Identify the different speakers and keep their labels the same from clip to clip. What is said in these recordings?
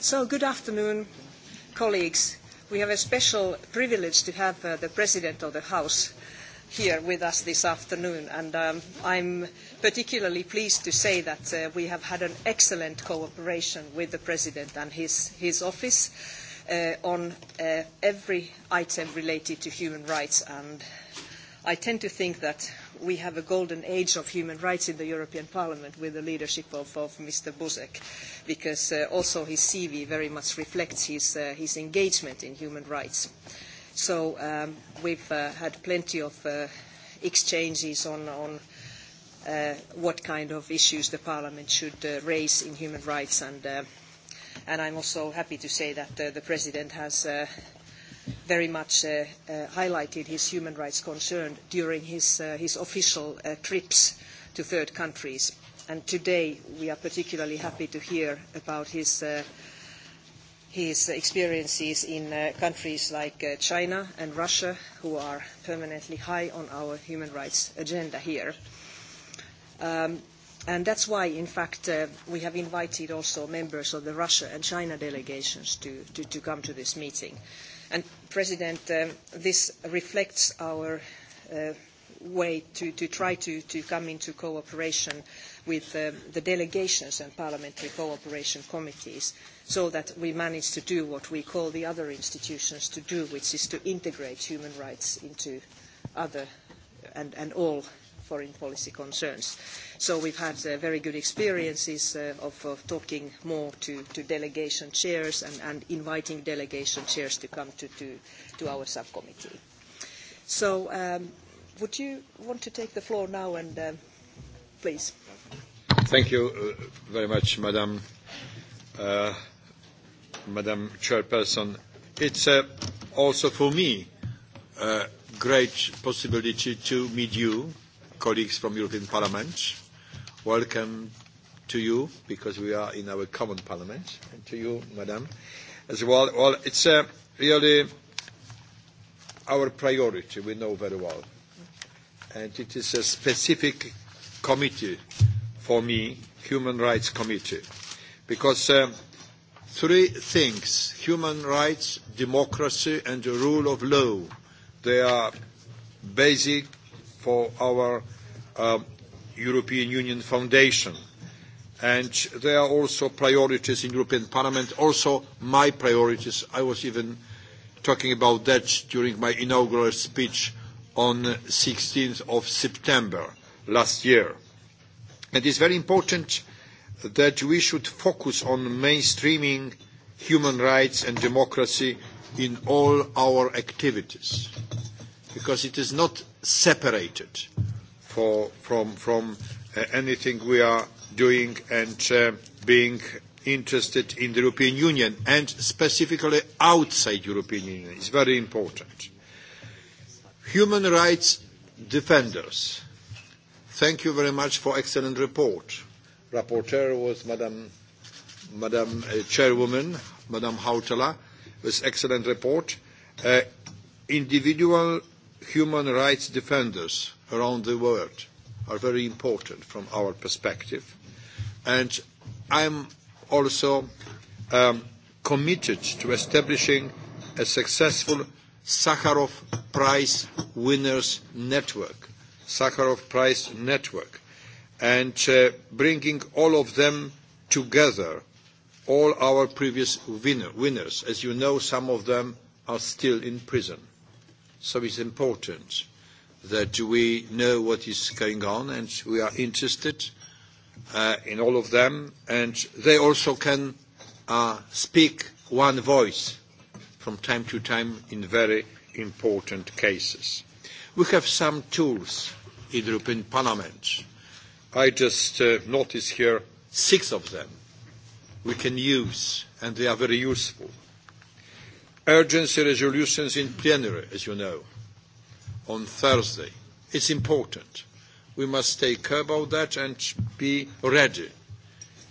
Speaker 1: So, good afternoon, colleagues. We have a special privilege to have uh, the President of the House here with us this afternoon, and um, I'm particularly pleased to say that uh, we have had an excellent cooperation with the President and his, his office uh, on uh, every item related to human rights, and I tend to think that we have a golden age of human rights in the European Parliament with the leadership of, of Mr. Buzek, because uh, also his CV very much reflects his, uh, his engagement in human rights. So um, we've uh, had plenty of uh, exchanges on, on uh, what kind of issues the Parliament should uh, raise in human rights, and, uh, and I'm also happy to say that uh, the President has uh, very much uh, uh, highlighted his human rights concern during his, uh, his official uh, trips to third countries. And today we are particularly happy to hear about his, uh, his experiences in uh, countries like uh, China and Russia, who are permanently high on our human rights agenda here. Um, And that's why, in fact, uh, we have invited also members of the Russia and China delegations to, to, to come to this meeting. And President, uh, this reflects our uh, way to, to try to, to come into cooperation with uh, the delegations and parliamentary cooperation committees so that we manage to do what we call the other institutions to do, which is to integrate human rights into other and, and all foreign policy concerns. So we've had uh, very good experiences uh, of, of talking more to, to delegation chairs and, and inviting delegation chairs to come to, to, to our subcommittee. So um, would you want to take the floor now and uh, please?
Speaker 2: Thank you uh, very much, Madam, uh, Madam Chairperson. It's uh, also for me a uh, great possibility to meet you colleagues from European Parliament. Welcome to you, because we are in our common parliament, and to you, madam, as well. Well, it's uh, really our priority, we know very well. And it is a specific committee for me, Human Rights Committee, because uh, three things, human rights, democracy, and the rule of law, they are basic for our uh, European Union Foundation. And there are also priorities in European Parliament, also my priorities. I was even talking about that during my inaugural speech on 16th of September last year. It is very important that we should focus on mainstreaming human rights and democracy in all our activities because it is not separated for, from, from uh, anything we are doing and uh, being interested in the European Union and specifically outside European Union is very important. Human rights defenders, thank you very much for excellent report. Rapporteur was Madam, Madam uh, Chairwoman, Madam Hautala, with excellent report. Uh, individual human rights defenders around the world are very important from our perspective. And I'm also um, committed to establishing a successful Sakharov Prize Winners Network, Sakharov Prize Network, and uh, bringing all of them together, all our previous winner, winners. As you know, some of them are still in prison. So it's important that we know what is going on and we are interested uh, in all of them and they also can uh, speak one voice from time to time in very important cases. We have some tools in the European Parliament. I just uh, noticed here six of them we can use and they are very useful urgency resolutions in plenary, as you know, on Thursday. It's important. We must take care about that and be ready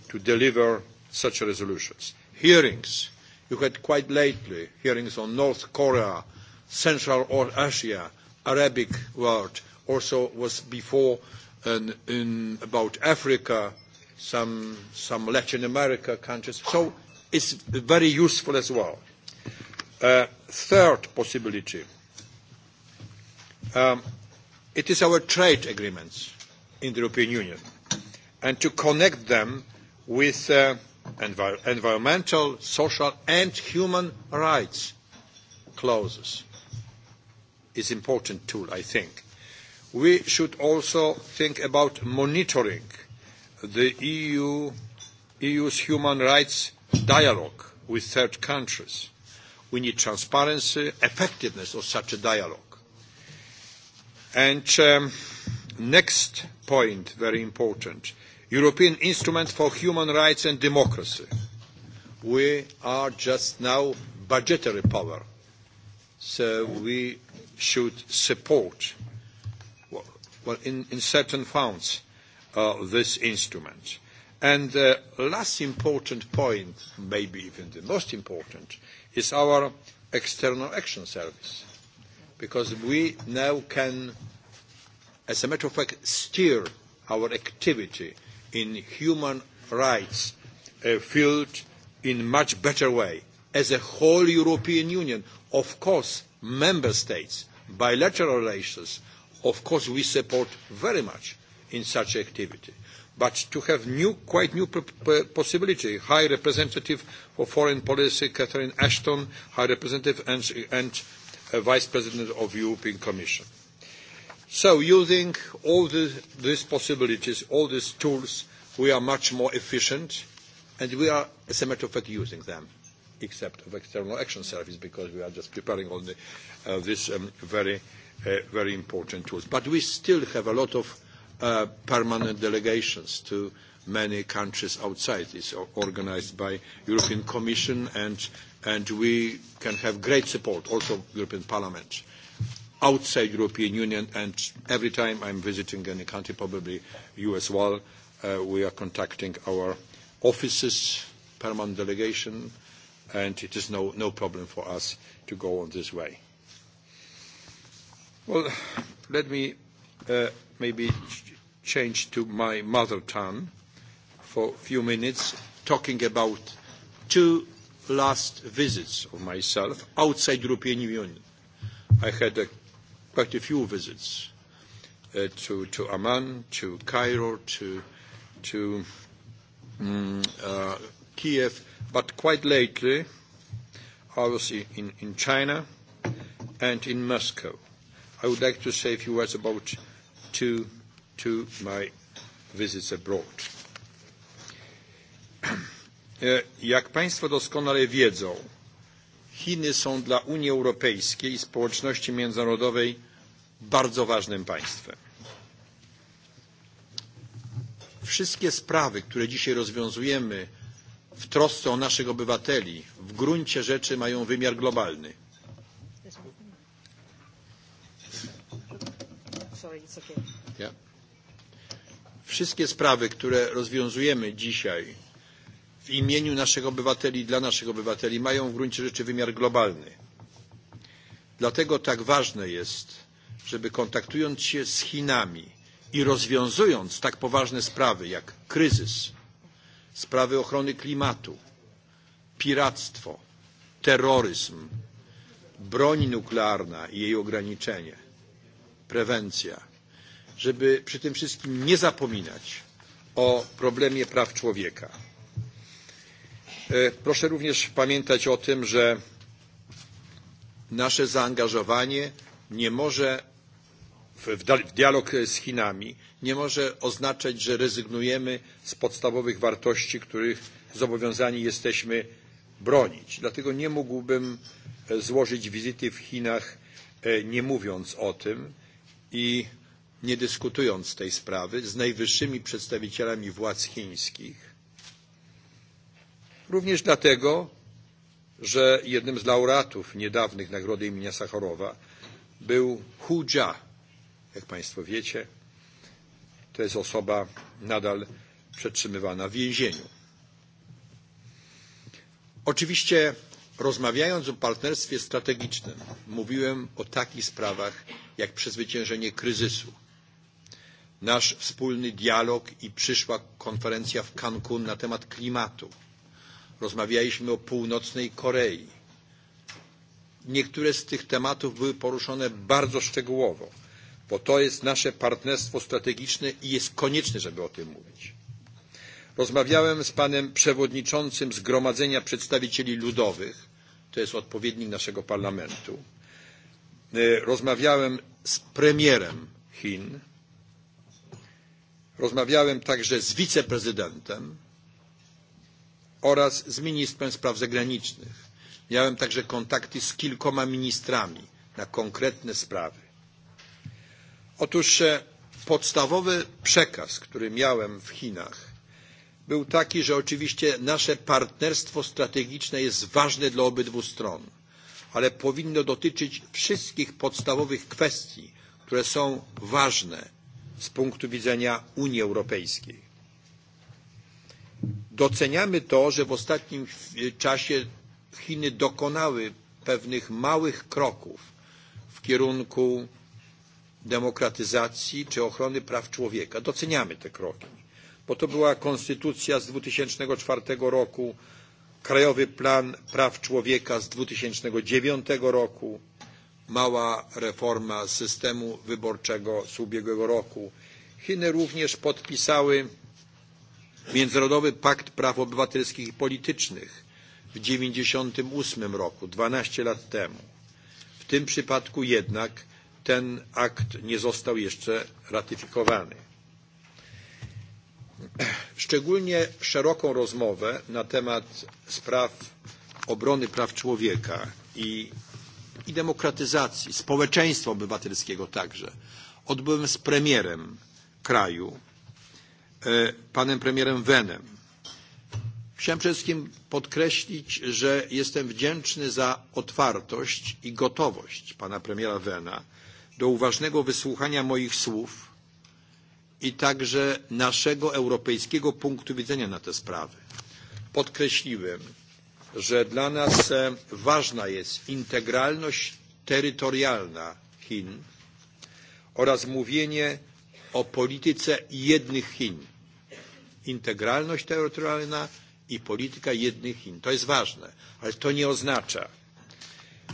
Speaker 2: to deliver such resolutions. Hearings. You had quite lately hearings on North Korea, Central or Asia, Arabic world. Also was before in, in about Africa, some, some Latin America countries. So it's very useful as well. A third possibility, um, it is our trade agreements in the European Union and to connect them with uh, envir environmental, social and human rights clauses is an important tool, I think. We should also think about monitoring the EU, EU's human rights dialogue with third countries We need transparency, effectiveness of such a dialogue. And um, next point, very important, European Instrument for Human Rights and Democracy. We are just now budgetary power, so we should support, well, in, in certain funds, uh, this instrument. And the uh, last important point, maybe even the most important, is our external action service. Because we now can, as a matter of fact, steer our activity in human rights uh, field in much better way as a whole European Union. Of course, member states, bilateral relations, of course we support very much in such activity but to have new, quite new possibility. High Representative for Foreign Policy, Catherine Ashton, High Representative and, and uh, Vice President of the European Commission. So using all the, these possibilities, all these tools, we are much more efficient and we are, as a matter of fact, using them except of external action service because we are just preparing all the, uh, this um, very, uh, very important tools. But we still have a lot of uh, permanent delegations to many countries outside. It's organized by European Commission and, and we can have great support, also European Parliament, outside European Union and every time I'm visiting any country, probably you as well, uh, we are contacting our offices, permanent delegation, and it is no, no problem for us to go on this way. Well, let me uh, maybe change to my mother tongue for a few minutes, talking about two last visits of myself outside European Union. I had a, quite a few visits uh, to, to Amman, to Cairo, to, to um, uh, Kiev, but quite lately I was in, in China and in Moscow. I would like to say a few words about to, to my visits abroad. E, jak Państwo doskonale wiedzą, Chiny są dla Unii Europejskiej i społeczności międzynarodowej bardzo ważnym państwem. Wszystkie sprawy, które dzisiaj rozwiązujemy w trosce o naszych obywateli, w gruncie rzeczy mają wymiar globalny okay. Yeah. Wszystkie sprawy, które rozwiązujemy dzisiaj w imieniu naszych obywateli, i dla naszych obywateli, mają w gruncie rzeczy wymiar globalny. Dlatego tak ważne jest, żeby kontaktując się z Chinami i rozwiązując tak poważne sprawy jak kryzys, sprawy ochrony klimatu, piractwo, terroryzm, broń nuklearna i jej ograniczenie, prewencja, żeby przy tym wszystkim nie zapominać o problemie praw człowieka. E, proszę również pamiętać o tym, że nasze zaangażowanie nie może w dialog z Chinami nie może oznaczać, że rezygnujemy z podstawowych wartości, których zobowiązani jesteśmy bronić. Dlatego nie mógłbym e, złożyć wizyty w Chinach e, nie mówiąc o tym i nie dyskutując tej sprawy z najwyższymi przedstawicielami władz chińskich, również dlatego, że jednym z laureatów niedawnych Nagrody imienia Sacharowa był Hu Jia. Jak Państwo wiecie, to jest osoba nadal przetrzymywana w więzieniu. Oczywiście rozmawiając o partnerstwie strategicznym mówiłem o takich sprawach jak przezwyciężenie kryzysu, nasz wspólny dialog i przyszła konferencja w Cancun na temat klimatu. Rozmawialiśmy o północnej Korei. Niektóre z tych tematów były poruszone bardzo szczegółowo, bo to jest nasze partnerstwo strategiczne i jest konieczne, żeby o tym mówić. Rozmawiałem z panem przewodniczącym Zgromadzenia Przedstawicieli Ludowych, to jest odpowiednik naszego parlamentu. E, rozmawiałem z premierem Chin, Rozmawiałem także z wiceprezydentem oraz z ministrem spraw zagranicznych. Miałem także kontakty z kilkoma ministrami na konkretne sprawy. Otóż e, podstawowy przekaz, który miałem w Chinach, był taki, że oczywiście nasze partnerstwo strategiczne jest ważne dla obydwu stron, ale powinno dotyczyć wszystkich podstawowych kwestii, które są ważne z punktu widzenia Unii Europejskiej. Doceniamy to, że w ostatnim czasie Chiny dokonały pewnych małych kroków w kierunku demokratyzacji czy ochrony praw człowieka. Doceniamy te kroki, bo to była konstytucja z 2004 roku, Krajowy Plan Praw Człowieka z 2009 roku, mała reforma systemu wyborczego z ubiegłego roku. Chiny również podpisały Międzynarodowy Pakt Praw Obywatelskich i Politycznych w 1998 roku, 12 lat temu. W tym przypadku jednak ten akt nie został jeszcze ratyfikowany. Szczególnie szeroką rozmowę na temat spraw obrony praw człowieka i i demokratyzacji, społeczeństwa obywatelskiego także. Odbyłem z premierem kraju, e, panem premierem Wenem. Chciałem przede wszystkim podkreślić, że jestem wdzięczny za otwartość i gotowość pana premiera Wena do uważnego wysłuchania moich słów i także naszego europejskiego punktu widzenia na te sprawy. Podkreśliłem, że dla nas e, ważna jest integralność terytorialna Chin oraz mówienie o polityce jednych Chin. Integralność terytorialna i polityka jednych Chin. To jest ważne, ale to nie oznacza,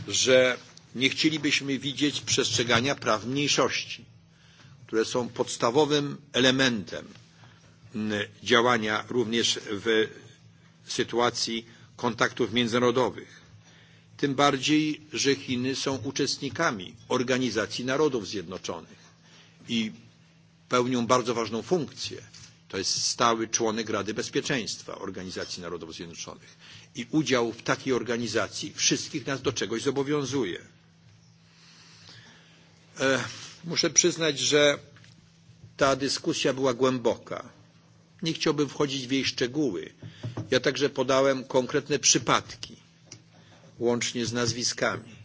Speaker 2: że nie chcielibyśmy widzieć przestrzegania praw mniejszości, które są podstawowym elementem działania również w sytuacji kontaktów międzynarodowych. Tym bardziej, że Chiny są uczestnikami Organizacji Narodów Zjednoczonych i pełnią bardzo ważną funkcję. To jest stały członek Rady Bezpieczeństwa Organizacji Narodów Zjednoczonych. I udział w takiej organizacji wszystkich nas do czegoś zobowiązuje. E, muszę przyznać, że ta dyskusja była głęboka. Nie chciałbym wchodzić w jej szczegóły. Ja także podałem konkretne przypadki, łącznie z nazwiskami,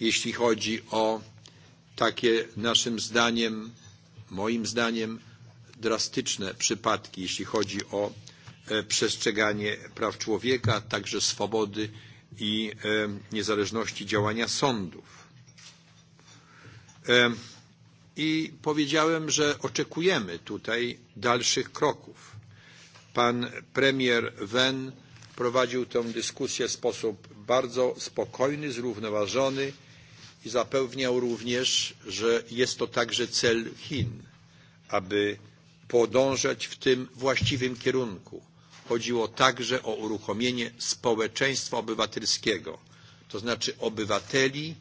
Speaker 2: jeśli chodzi o takie naszym zdaniem, moim zdaniem, drastyczne przypadki, jeśli chodzi o e, przestrzeganie praw człowieka, także swobody i e, niezależności działania sądów. E, I powiedziałem, że oczekujemy tutaj dalszych kroków. Pan premier Wen prowadził tę dyskusję w sposób bardzo spokojny, zrównoważony i zapewniał również, że jest to także cel Chin, aby podążać w tym właściwym kierunku. Chodziło także o uruchomienie społeczeństwa obywatelskiego, to znaczy obywateli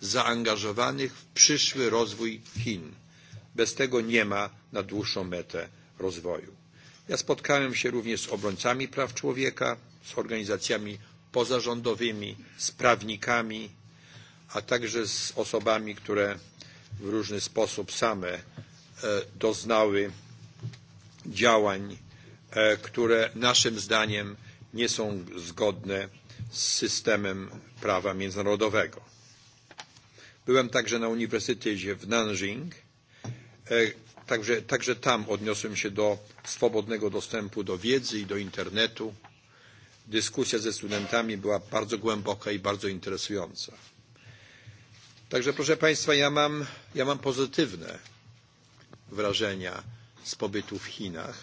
Speaker 2: zaangażowanych w przyszły rozwój Chin. Bez tego nie ma na dłuższą metę rozwoju. Ja spotkałem się również z obrońcami praw człowieka, z organizacjami pozarządowymi, z prawnikami, a także z osobami, które w różny sposób same e, doznały działań, e, które naszym zdaniem nie są zgodne z systemem prawa międzynarodowego. Byłem także na Uniwersytecie w Nanjing, e, Także, także tam odniosłem się do swobodnego dostępu do wiedzy i do internetu. Dyskusja ze studentami była bardzo głęboka i bardzo interesująca. Także proszę Państwa, ja mam, ja mam pozytywne wrażenia z pobytu w Chinach.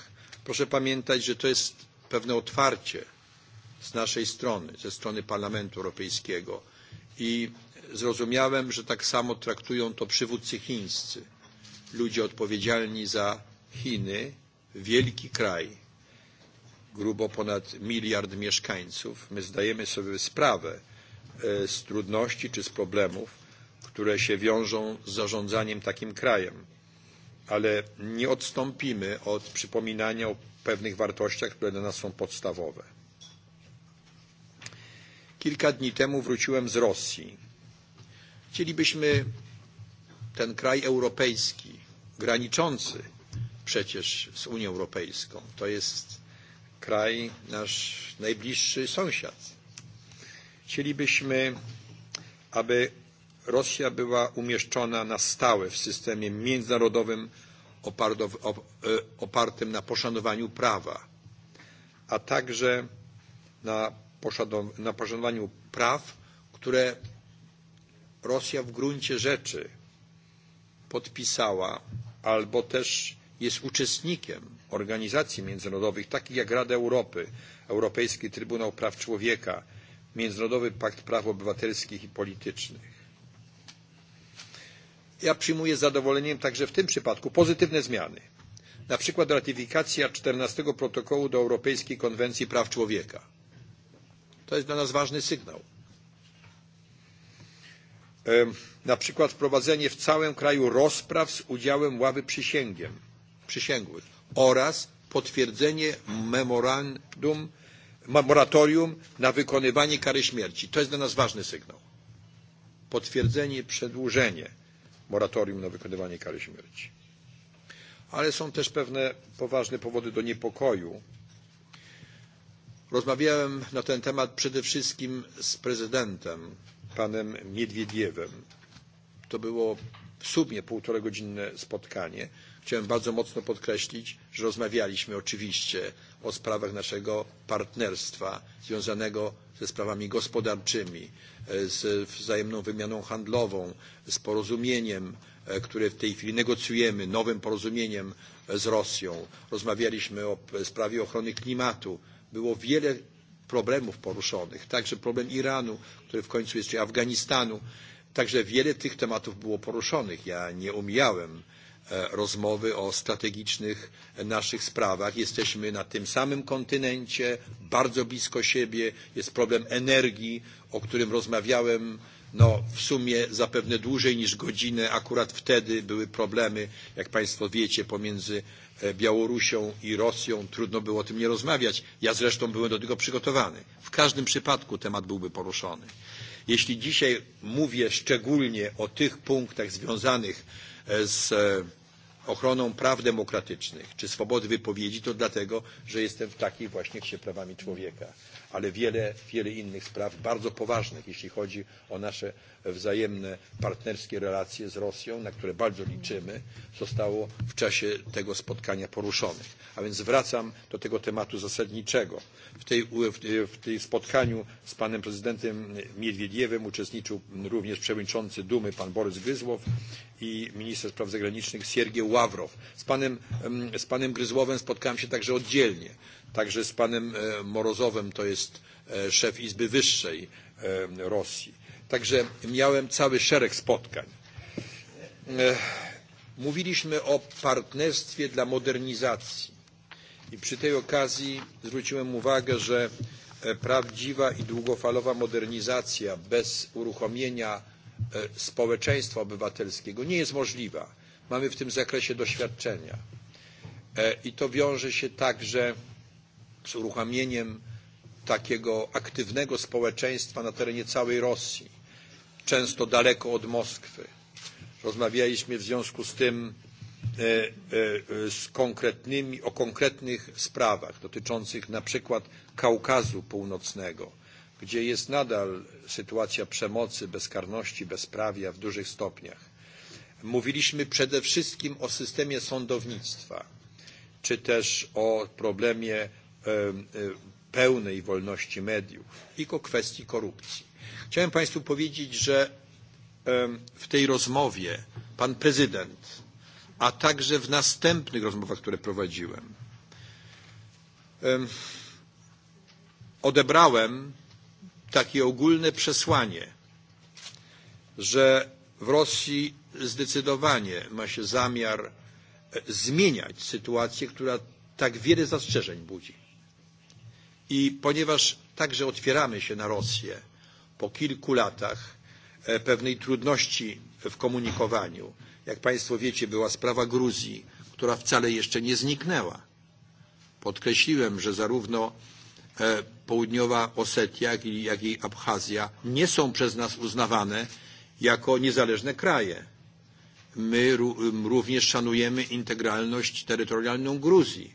Speaker 2: Proszę pamiętać, że to jest pewne otwarcie z naszej strony, ze strony Parlamentu Europejskiego i zrozumiałem, że tak samo traktują to przywódcy chińscy ludzie odpowiedzialni za Chiny, wielki kraj, grubo ponad miliard mieszkańców, my zdajemy sobie sprawę e, z trudności czy z problemów, które się wiążą z zarządzaniem takim krajem. Ale nie odstąpimy od przypominania o pewnych wartościach, które dla nas są podstawowe. Kilka dni temu wróciłem z Rosji. Chcielibyśmy ten kraj europejski, graniczący przecież z Unią Europejską. To jest kraj nasz najbliższy sąsiad. Chcielibyśmy, aby Rosja była umieszczona na stałe w systemie międzynarodowym e, opartym na poszanowaniu prawa, a także na, poszanowaniu praw, które Rosja w gruncie rzeczy podpisała albo też jest uczestnikiem organizacji międzynarodowych, takich jak Rada Europy, Europejski Trybunał Praw Człowieka, Międzynarodowy Pakt Praw Obywatelskich i Politycznych. Ja przyjmuję z zadowoleniem także w tym przypadku pozytywne zmiany. Na przykład ratyfikacja 14 protokołu do Europejskiej Konwencji Praw Człowieka. To jest dla nas ważny sygnał na przykład wprowadzenie w całym kraju rozpraw z udziałem ławy przysięgłych oraz potwierdzenie memorandum, moratorium na wykonywanie kary śmierci. To jest dla nas ważny sygnał. Potwierdzenie, przedłużenie moratorium na wykonywanie kary śmierci. Ale są też pewne poważne powody do niepokoju. Rozmawiałem na ten temat przede wszystkim z prezydentem panem Miedwiediewem. To było w sumie półtoregodzinne spotkanie. Chciałem bardzo mocno podkreślić, że rozmawialiśmy oczywiście o sprawach naszego partnerstwa związanego ze sprawami gospodarczymi, z wzajemną wymianą handlową, z porozumieniem, e, które w tej chwili negocjujemy, nowym porozumieniem e, z Rosją. Rozmawialiśmy o sprawie ochrony klimatu. Było wiele problemów poruszonych, także problem Iranu, który w końcu jest, czy Afganistanu. Także wiele tych tematów było poruszonych. Ja nie umiałem e, rozmowy o strategicznych e, naszych sprawach. Jesteśmy na tym samym kontynencie, bardzo blisko siebie. Jest problem energii, o którym rozmawiałem No, w sumie zapewne dłużej niż godzinę. Akurat wtedy były problemy, jak Państwo wiecie, pomiędzy e, Białorusią i Rosją. Trudno było o tym nie rozmawiać. Ja zresztą byłem do tego przygotowany. W każdym przypadku temat byłby poruszony. Jeśli dzisiaj mówię szczególnie o tych punktach związanych e, z e, ochroną praw demokratycznych czy swobody wypowiedzi, to dlatego, że jestem w takich właśnie się prawami człowieka ale wiele, wiele innych spraw bardzo poważnych, jeśli chodzi o nasze wzajemne partnerskie relacje z Rosją, na które bardzo liczymy, zostało w czasie tego spotkania poruszonych. A więc wracam do tego tematu zasadniczego. W, tej, w, w tej spotkaniu z panem prezydentem Miedwiediewem uczestniczył również przewodniczący Dumy pan Borys Gryzłow i minister spraw zagranicznych Siergiej Ławrow. Z panem, z panem Gryzłowem spotkałem się także oddzielnie. Także z panem e, Morozowem, to jest e, szef Izby Wyższej e, Rosji. Także miałem cały szereg spotkań. Mówiliśmy o partnerstwie dla modernizacji i przy tej okazji zwróciłem uwagę, że prawdziwa i długofalowa modernizacja bez uruchomienia społeczeństwa obywatelskiego nie jest możliwa. Mamy w tym zakresie doświadczenia. I to wiąże się także z uruchamieniem takiego aktywnego społeczeństwa na terenie całej Rosji, często daleko od Moskwy. Rozmawialiśmy w związku z tym e, e, e, z konkretnymi, o konkretnych sprawach dotyczących na przykład Kaukazu Północnego, gdzie jest nadal sytuacja przemocy, bezkarności, bezprawia w dużych stopniach. Mówiliśmy przede wszystkim o systemie sądownictwa, czy też o problemie E, e, pełnej wolności mediów i o kwestii korupcji. Chciałem Państwu powiedzieć, że e, w tej rozmowie pan prezydent, a także w następnych rozmowach, które prowadziłem, odebrałem takie ogólne przesłanie, że w Rosji zdecydowanie ma się zamiar zmieniać sytuację, która tak wiele zastrzeżeń budzi. I ponieważ także otwieramy się na Rosję po kilku latach e, pewnej trudności w komunikowaniu, jak Państwo wiecie, była sprawa Gruzji, która wcale jeszcze nie zniknęła. Podkreśliłem, że zarówno e, południowa Osetia, jak i Abchazja nie są przez nas uznawane jako niezależne kraje. My również szanujemy integralność terytorialną Gruzji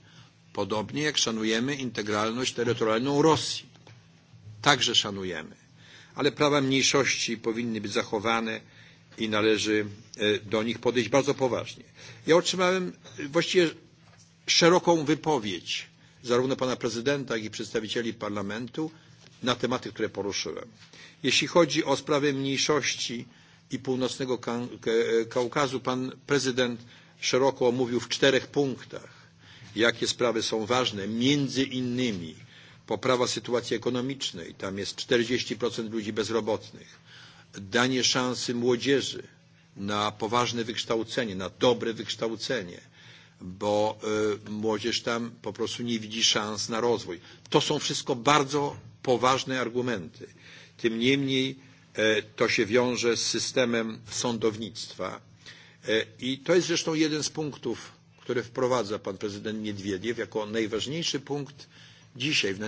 Speaker 2: Podobnie jak szanujemy integralność terytorialną Rosji. Także szanujemy. Ale prawa mniejszości powinny być zachowane i należy e, do nich podejść bardzo poważnie. Ja otrzymałem e, właściwie szeroką wypowiedź zarówno pana prezydenta, jak i przedstawicieli parlamentu na tematy, które poruszyłem. Jeśli chodzi o sprawy mniejszości i północnego Kaukazu, pan prezydent szeroko omówił w czterech punktach jakie sprawy są ważne, między innymi poprawa sytuacji ekonomicznej, tam jest 40% ludzi bezrobotnych, danie szansy młodzieży na poważne wykształcenie, na dobre wykształcenie, bo y, młodzież tam po prostu nie widzi szans na rozwój. To są wszystko bardzo poważne argumenty. Tym niemniej y, to się wiąże z systemem sądownictwa y, i to jest zresztą jeden z punktów który wprowadza pan prezydent Niedwiediew jako najważniejszy punkt dzisiaj, w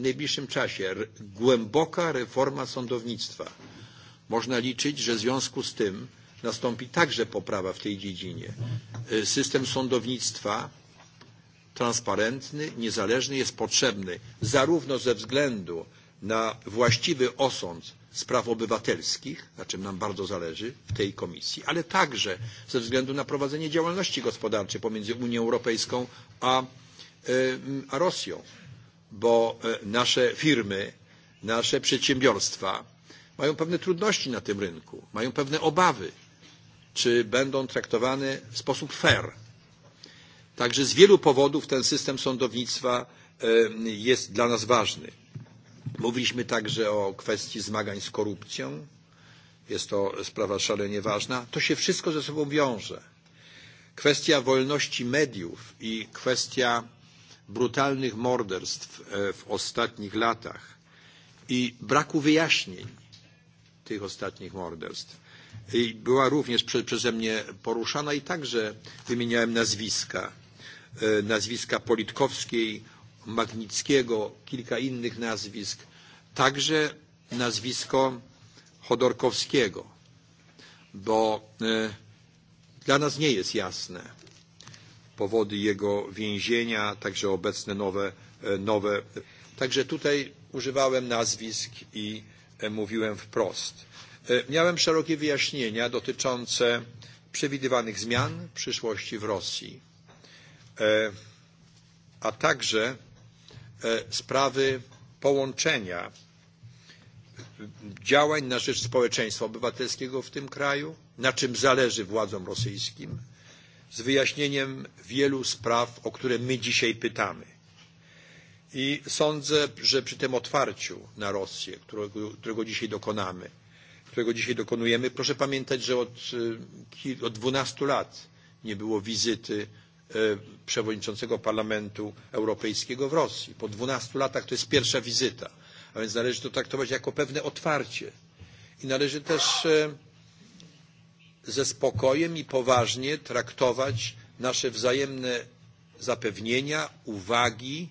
Speaker 2: najbliższym czasie. Głęboka reforma sądownictwa. Można liczyć, że w związku z tym nastąpi także poprawa w tej dziedzinie. System sądownictwa transparentny, niezależny jest potrzebny zarówno ze względu na właściwy osąd Spraw Obywatelskich, na czym nam bardzo zależy w tej komisji, ale także ze względu na prowadzenie działalności gospodarczej pomiędzy Unią Europejską a, a Rosją, bo e, nasze firmy, nasze przedsiębiorstwa mają pewne trudności na tym rynku, mają pewne obawy, czy będą traktowane w sposób fair. Także z wielu powodów ten system sądownictwa jest dla nas ważny. Mówiliśmy także o kwestii zmagań z korupcją. Jest to sprawa szalenie ważna. To się wszystko ze sobą wiąże. Kwestia wolności mediów i kwestia brutalnych morderstw e, w ostatnich latach i braku wyjaśnień tych ostatnich morderstw I była również prze, przeze mnie poruszana i także wymieniałem nazwiska. E, nazwiska Politkowskiej, Magnickiego, kilka innych nazwisk, także nazwisko Chodorkowskiego, bo e, dla nas nie jest jasne powody jego więzienia, także obecne nowe, e, nowe. Także tutaj używałem nazwisk i e, mówiłem wprost. Miałem szerokie wyjaśnienia dotyczące przewidywanych zmian w przyszłości w Rosji, a także E, sprawy połączenia działań na rzecz społeczeństwa obywatelskiego w tym kraju, na czym zależy władzom rosyjskim, z wyjaśnieniem wielu spraw, o które my dzisiaj pytamy. I sądzę, że przy tym otwarciu na Rosję, którego, którego dzisiaj dokonamy, którego dzisiaj dokonujemy, proszę pamiętać, że od, e, od 12 lat nie było wizyty E, przewodniczącego Parlamentu Europejskiego w Rosji. Po 12 latach to jest pierwsza wizyta, a więc należy to traktować jako pewne otwarcie. I należy też e, ze spokojem i poważnie traktować nasze wzajemne zapewnienia, uwagi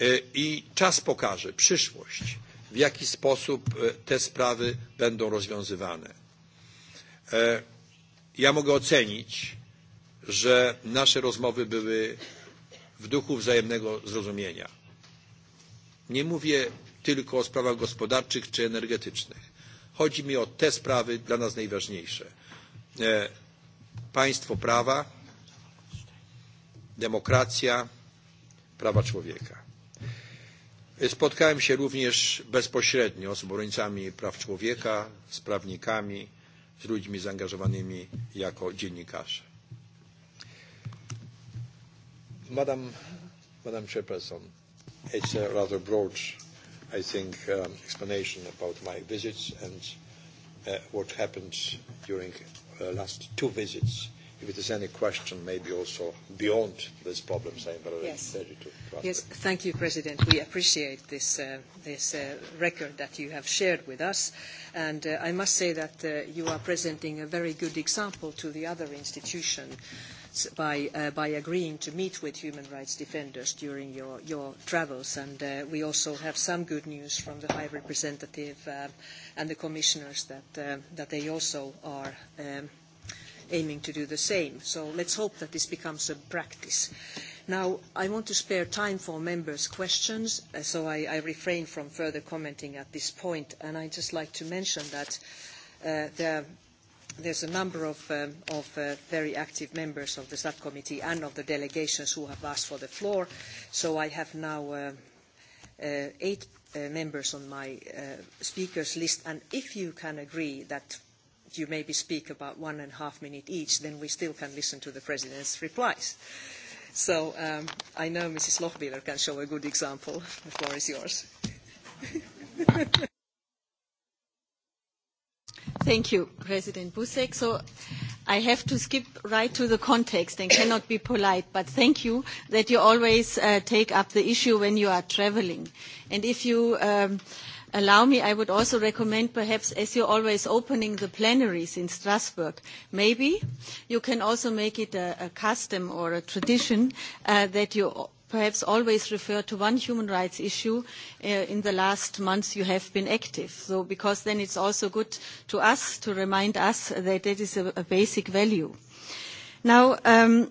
Speaker 2: e, i czas pokaże, przyszłość, w jaki sposób te sprawy będą rozwiązywane. Ja mogę ocenić, że nasze rozmowy były w duchu wzajemnego zrozumienia. Nie mówię tylko o sprawach gospodarczych czy energetycznych. Chodzi mi o te sprawy dla nas najważniejsze. E, państwo prawa, demokracja, prawa człowieka. Spotkałem się również bezpośrednio z obrońcami praw człowieka, z prawnikami, z ludźmi zaangażowanymi jako dziennikarze. Madam, Madam Chairperson, it's a rather broad, I think, um, explanation about my visits and uh, what happened during uh, last two visits. If it is any question, maybe also beyond these problems, I'm very yes. ready to, to Yes, thank
Speaker 1: you, President. We appreciate this, uh, this uh, record that you have shared with us. And uh, I must say that uh, you are presenting a very good example to the other institution. Mm -hmm by, uh, by agreeing to meet with human rights defenders during your, your travels. And uh, we also have some good news from the High Representative uh, and the commissioners that, uh, that they also are um, aiming to do the same. So let's hope that this becomes a practice. Now, I want to spare time for members' questions, uh, so I, I refrain from further commenting at this point. And I'd just like to mention that uh, the there's a number of, um, of uh, very active members of the subcommittee and of the delegations who have asked for the floor. So I have now uh, uh, eight uh, members on my uh, speakers list. And if you can agree that you maybe speak about one and a half minute each, then we still can listen to the President's replies. So um, I know Mrs. Lochbiller can show a good example. The floor is yours.
Speaker 3: Thank you, President Busek. So I have to skip right to the context and cannot be polite, but thank you that you always uh, take up the issue when you are traveling. And if you um, allow me, I would also recommend perhaps as you're always opening the plenaries in Strasbourg, maybe you can also make it a, a custom or a tradition uh, that you perhaps always refer to one human rights issue uh, in the last months you have been active. So, because then it's also good to us to remind us that that is a, a basic value. Now, um,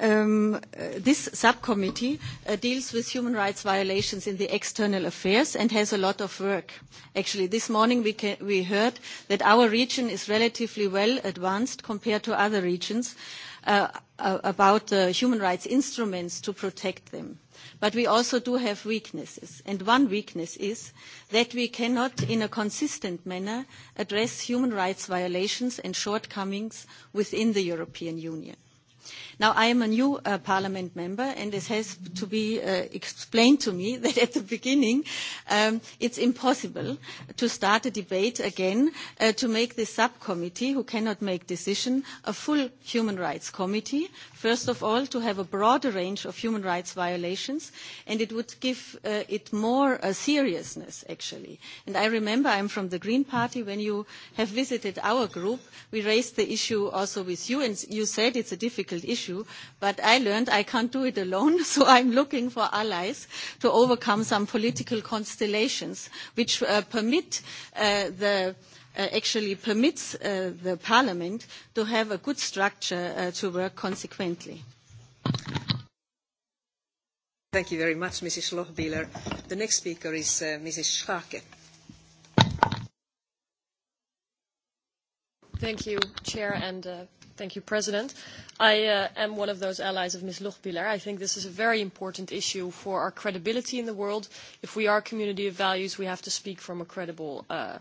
Speaker 3: um, uh, this subcommittee uh, deals with human rights violations in the external affairs and has a lot of work. Actually, this morning we, can, we heard that our region is relatively well advanced compared to other regions. Uh, uh, about uh, human rights instruments to protect them. But we also do have weaknesses. And one weakness is that we cannot, in a consistent manner, address human rights violations and shortcomings within the European Union. Now, I am a new uh, parliament member, and it has to be uh, explained to me that at the beginning um, it's impossible to start a debate again uh, to make this subcommittee, who cannot make decision, a full human rights committee. First of all, to have a broader range of human rights violations, and it would give uh, it more uh, seriousness, actually. And I remember I'm from the Green Party. When you have visited our group, we raised the issue also with you, and you said it's a difficult issue issue, but I learned I can't do it alone, so I'm looking for allies to overcome some political constellations which uh, permit uh, the uh, actually permits uh, the parliament to have a good structure uh, to work consequently.
Speaker 1: Thank you very much, Mrs. Lochbieler. The next speaker is uh, Mrs. Schake.
Speaker 4: Thank you, Chair, and uh, Thank you, President. I uh, am one of those allies of Ms. Lochbihler. I think this is a very important issue for our credibility in the world. If we are a community of values, we have to speak from a credible uh,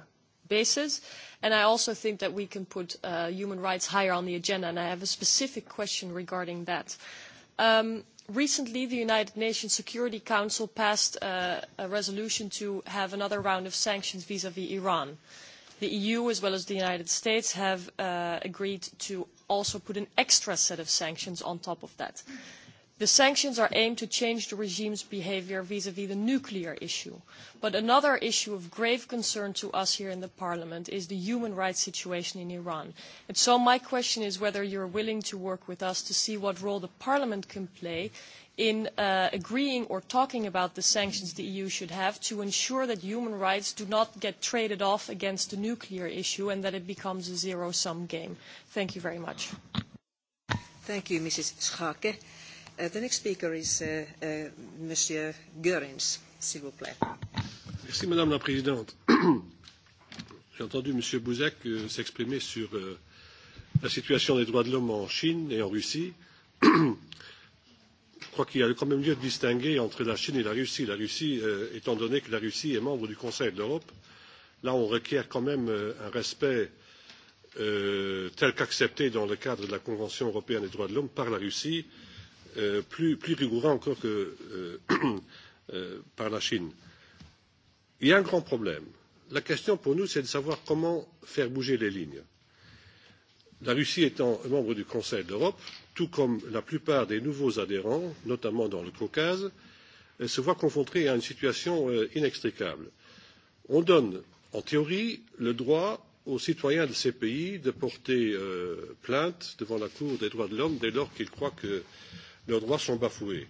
Speaker 4: basis. And I also think that we can put uh, human rights higher on the agenda, and I have a specific question regarding that. Um, recently, the United Nations Security Council passed uh, a resolution to have another round of sanctions vis-à-vis -vis Iran. The EU, as well as the United States, have uh, agreed to also put an extra set of sanctions on top of that. The sanctions are aimed to change the regime's behaviour vis-à-vis the nuclear issue. But another issue of grave concern to us here in the parliament is the human rights situation in Iran. And so my question is whether you are willing to work with us to see what role the parliament can play in uh, agreeing or talking about the sanctions the EU should have to ensure that human rights do not get traded off against the nuclear issue and that it becomes a zero-sum game. Thank you very much.
Speaker 1: Thank you, Mrs. Schake. Uh, the next speaker is uh, uh, Monsieur s'il vous
Speaker 5: plaît. Merci, Madame la Présidente. J'ai entendu Monsieur Bouzek euh, s'exprimer sur euh, la situation des droits de l'homme en Chine et en Russie. je crois qu'il y a quand même lieu de distinguer entre la Chine et la Russie. La Russie, euh, étant donné que la Russie est membre du Conseil de l'Europe, là on requiert quand même euh, un respect euh, tel qu'accepté dans le cadre de la Convention européenne des droits de l'homme par la Russie, euh, plus, plus rigoureux encore que euh, euh, par la Chine. Il y a un grand problème. La question pour nous, c'est de savoir comment faire bouger les lignes. La Russie étant membre du Conseil de l'Europe, tout comme la plupart des nouveaux adhérents, notamment dans le Caucase, euh, se voit confrontée à une situation euh, inextricable. On donne, en théorie, le droit aux citoyens de ces pays de porter euh, plainte devant la Cour des droits de l'homme dès lors qu'ils croient que leurs droits sont bafoués.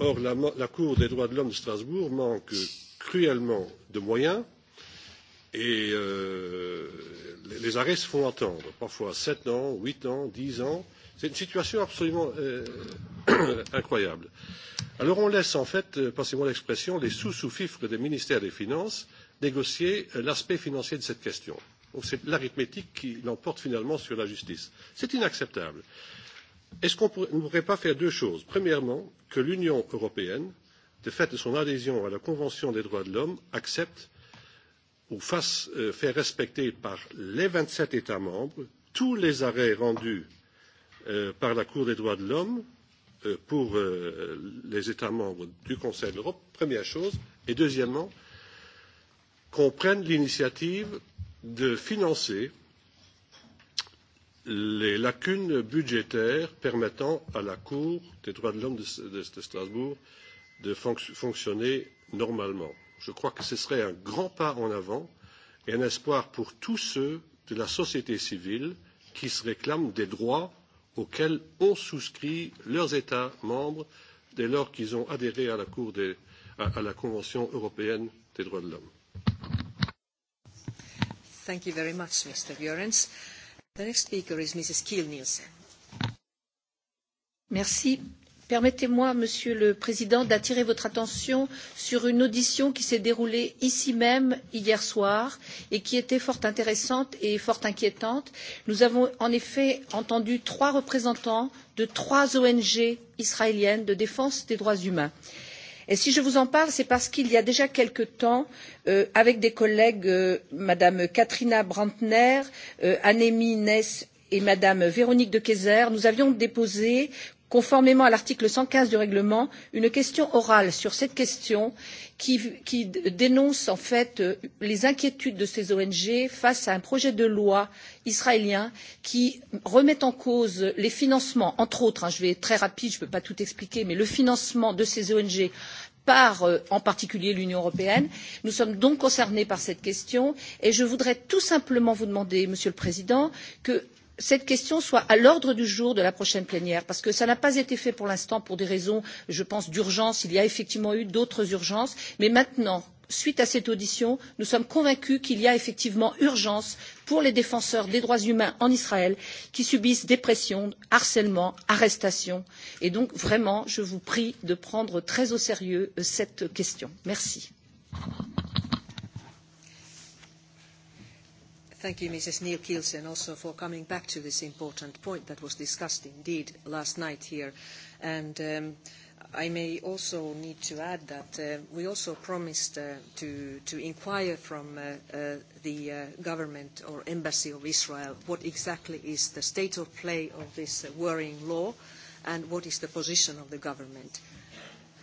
Speaker 5: Or, la, la Cour des droits de l'homme de Strasbourg manque cruellement de moyens Et euh, les arrêts se font attendre, parfois 7 ans, 8 ans, 10 ans. C'est une situation absolument euh, incroyable. Alors on laisse en fait, euh, passez-moi l'expression, les sous-sous-fifres des ministères des Finances négocier euh, l'aspect financier de cette question. Donc c'est l'arithmétique qui l'emporte finalement sur la justice. C'est inacceptable. Est-ce qu'on ne pourrait pas faire deux choses Premièrement, que l'Union européenne, de fait de son adhésion à la Convention des droits de l'homme, accepte ou fasse euh, faire respecter par les vingt sept États membres tous les arrêts rendus euh, par la Cour des droits de l'homme euh, pour euh, les États membres du Conseil de l'Europe, première chose, et deuxièmement, qu'on prenne l'initiative de financer les lacunes budgétaires permettant à la Cour des droits de l'homme de, de, de Strasbourg de fonc fonctionner normalement. Je crois que ce serait un grand pas en avant et un espoir pour tous ceux de la société civile qui se réclament des droits auxquels ont souscrit leurs États membres dès lors qu'ils ont adhéré à la, Cour des, à, à la Convention européenne des droits de l'homme.
Speaker 1: Thank you very much, Mr. Jurens. The next speaker is Mrs. Kiel Nielsen.
Speaker 6: Merci. Permettez-moi, Monsieur le Président, d'attirer votre attention sur une audition qui s'est déroulée ici même hier soir et qui était fort intéressante et fort inquiétante. Nous avons en effet entendu trois représentants de trois ONG israéliennes de défense des droits humains. Et si je vous en parle, c'est parce qu'il y a déjà quelque temps, euh, avec des collègues, euh, Madame Katrina Brantner, euh, Ness et Madame Véronique de Keyser, nous avions déposé Conformément à l'article 115 du règlement, une question orale sur cette question qui, qui dénonce en fait euh, les inquiétudes de ces ONG face à un projet de loi israélien qui remet en cause les financements, entre autres, hein, je vais être très rapide, je ne peux pas tout expliquer, mais le financement de ces ONG par euh, en particulier l'Union européenne. Nous sommes donc concernés par cette question et je voudrais tout simplement vous demander, Monsieur le Président, que cette question soit à l'ordre du jour de la prochaine plénière, parce que ça n'a pas été fait pour l'instant pour des raisons, je pense, d'urgence. Il y a effectivement eu d'autres urgences, mais maintenant, suite à cette audition, nous sommes convaincus qu'il y a effectivement urgence pour les défenseurs des droits humains en Israël qui subissent dépression, harcèlement, arrestation. Et donc, vraiment, je vous prie de prendre très au sérieux euh, cette question. Merci.
Speaker 1: Thank you, Mrs. Neil Kielsen, also for coming back to this important point that was discussed indeed last night here. And um, I may also need to add that uh, we also promised uh, to, to inquire from uh, uh, the uh, government or embassy of Israel what exactly is the state of play of this uh, worrying law and what is the position of the government.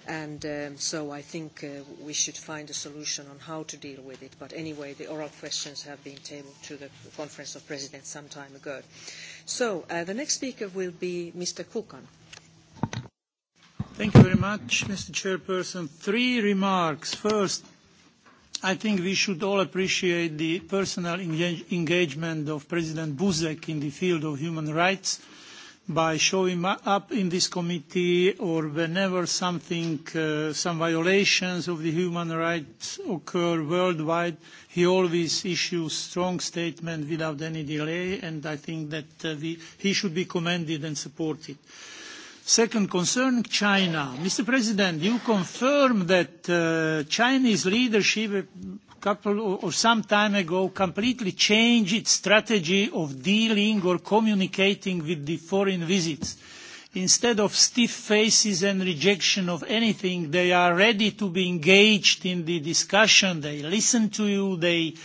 Speaker 1: And um, so I think uh, we should find a solution on how to deal with it. But anyway, the oral questions have been tabled to the Conference of Presidents some time ago. So uh, the next speaker will be Mr. Kukan.
Speaker 7: Thank you very much, Mr. Chairperson. Three remarks. First, I think we should all appreciate the personal engage engagement of President Buzek in the field of human rights by showing up in this committee or whenever something, uh, some violations of the human rights occur worldwide, he always issues strong statements without any delay, and I think that uh, we, he should be commended and supported. Second, concerning China, Mr. President, you confirm that uh, Chinese leadership couple or some time ago completely changed its strategy of dealing or communicating with the foreign visits. Instead of stiff faces and rejection of anything, they are ready to be engaged in the discussion. They listen to you, they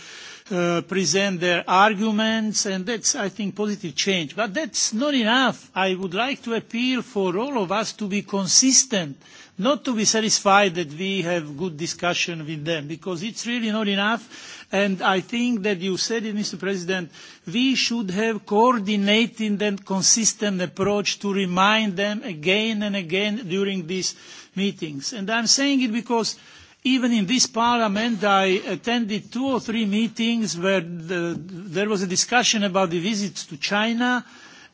Speaker 7: uh, present their arguments, and that's, I think, positive change. But that's not enough. I would like to appeal for all of us to be consistent not to be satisfied that we have good discussion with them because it's really not enough. And I think that you said it, Mr. President, we should have coordinated and consistent approach to remind them again and again during these meetings. And I'm saying it because even in this parliament, I attended two or three meetings where the, there was a discussion about the visits to China,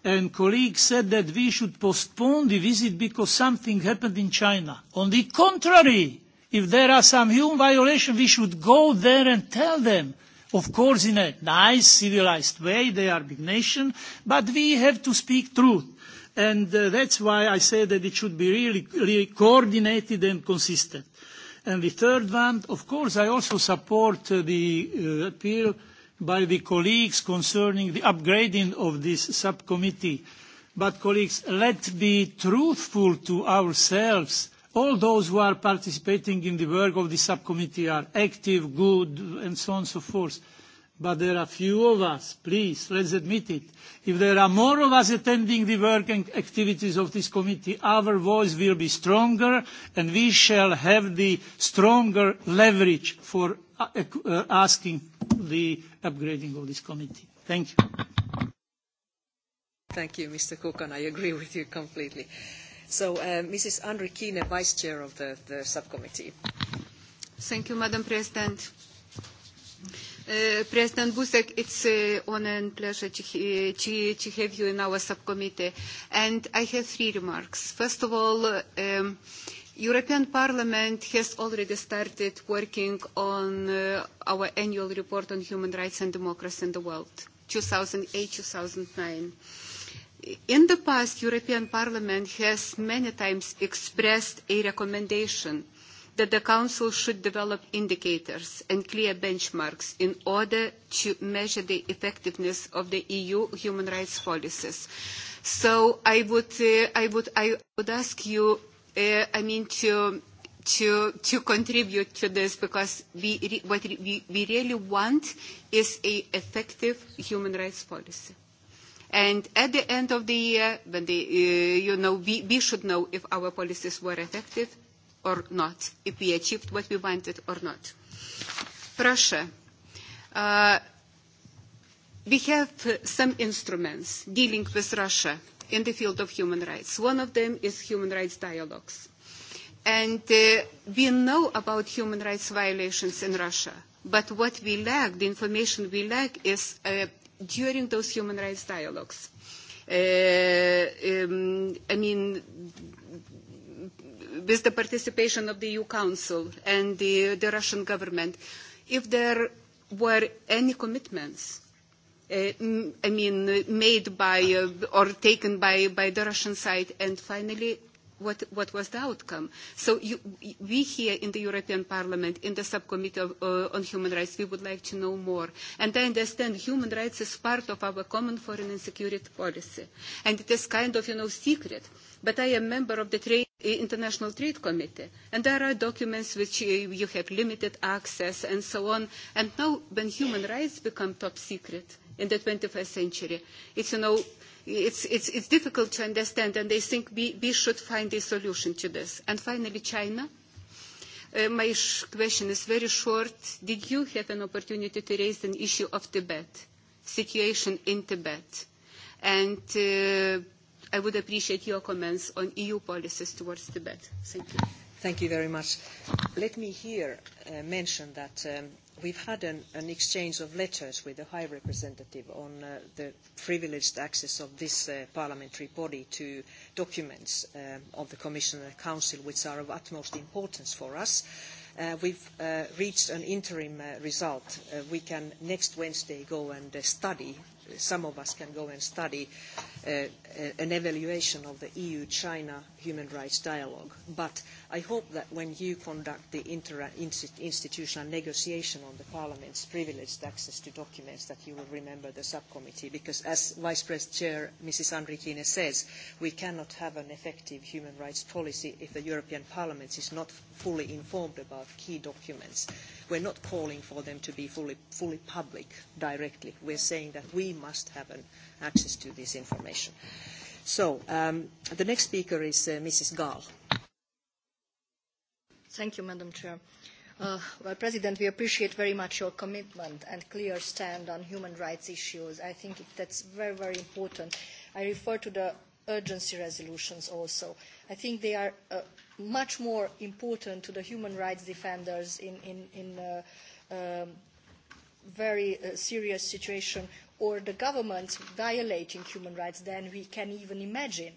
Speaker 7: and colleague said that we should postpone the visit because something happened in China. On the contrary, if there are some human violations, we should go there and tell them. Of course, in a nice, civilized way, they are a big nation, but we have to speak truth. And uh, that's why I say that it should be really, really coordinated and consistent. And the third one, of course, I also support uh, the uh, appeal uh, by the colleagues concerning the upgrading of this subcommittee. But colleagues, let's be truthful to ourselves. All those who are participating in the work of the subcommittee are active, good, and so on and so forth. But there are few of us, please, let's admit it. If there are more of us attending the work and activities of this committee, our voice will be stronger and we shall have the stronger leverage for Uh, uh, asking the upgrading of this committee. Thank you.
Speaker 1: Thank you, Mr. Cook, and I agree with you completely. So, uh, Mrs. Andrikine, Vice Chair of the, the subcommittee.
Speaker 8: Thank you, Madam President. Uh, President Busek, it's an uh, honor and pleasure to, uh, to, to have you in our subcommittee. And I have three remarks. First of all, uh, um, European Parliament has already started working on uh, our annual report on human rights and democracy in the world, 2008-2009. In the past, European Parliament has many times expressed a recommendation that the Council should develop indicators and clear benchmarks in order to measure the effectiveness of the EU human rights policies. So I would, uh, I would, I would ask you uh, I mean, to, to, to contribute to this because we re what we, we really want is an effective human rights policy. And at the end of the year, when the, uh, you know, we, we should know if our policies were effective or not, if we achieved what we wanted or not. Russia. Uh, we have some instruments dealing with Russia in the field of human rights. One of them is human rights dialogues. And uh, we know about human rights violations in Russia, but what we lack, the information we lack, is uh, during those human rights dialogues. Uh, um, I mean, with the participation of the EU Council and the, the Russian government, if there were any commitments uh, I mean, uh, made by uh, or taken by, by the Russian side, and finally, what, what was the outcome? So you, we here in the European Parliament, in the subcommittee of, uh, on human rights, we would like to know more. And I understand human rights is part of our common foreign and security policy. And it is kind of, you know, secret. But I am a member of the trade, eh, International Trade Committee, and there are documents which uh, you have limited access and so on. And now when human rights become top secret, in the 21st century. It's, you know, it's, it's, it's difficult to understand, and they think we, we should find a solution to this. And finally, China. Uh, my question is very short. Did you have an opportunity to raise an issue of Tibet, situation in Tibet? And uh, I would appreciate your comments on EU policies towards Tibet. Thank you. Thank you very much. Let me here
Speaker 1: uh, mention that um, we've had an, an exchange of letters with the High Representative on uh, the privileged access of this uh, parliamentary body to documents uh, of the Commission and the Council, which are of utmost importance for us. Uh, we've uh, reached an interim uh, result. Uh, we can next Wednesday go and uh, study, some of us can go and study uh, uh an evaluation of the EU-China human rights dialogue. But I hope that when you conduct the interinstitutional negotiation on the Parliament's privileged access to documents that you will remember the subcommittee, because as Vice President Chair Mrs. Andrikine says, we cannot have an effective human rights policy if the European Parliament is not fully informed about key documents. We're not calling for them to be fully, fully public directly. We're saying that we must have an access to this information. So, um, the next speaker is uh, Mrs. Gall.
Speaker 9: Thank you, Madam Chair. Uh, well, President, we appreciate very much your commitment and clear stand on human rights issues. I think it, that's very, very important. I refer to the urgency resolutions also. I think they are uh, much more important to the human rights defenders in, in, in uh, um, very uh, serious situation or the government violating human rights than we can even imagine.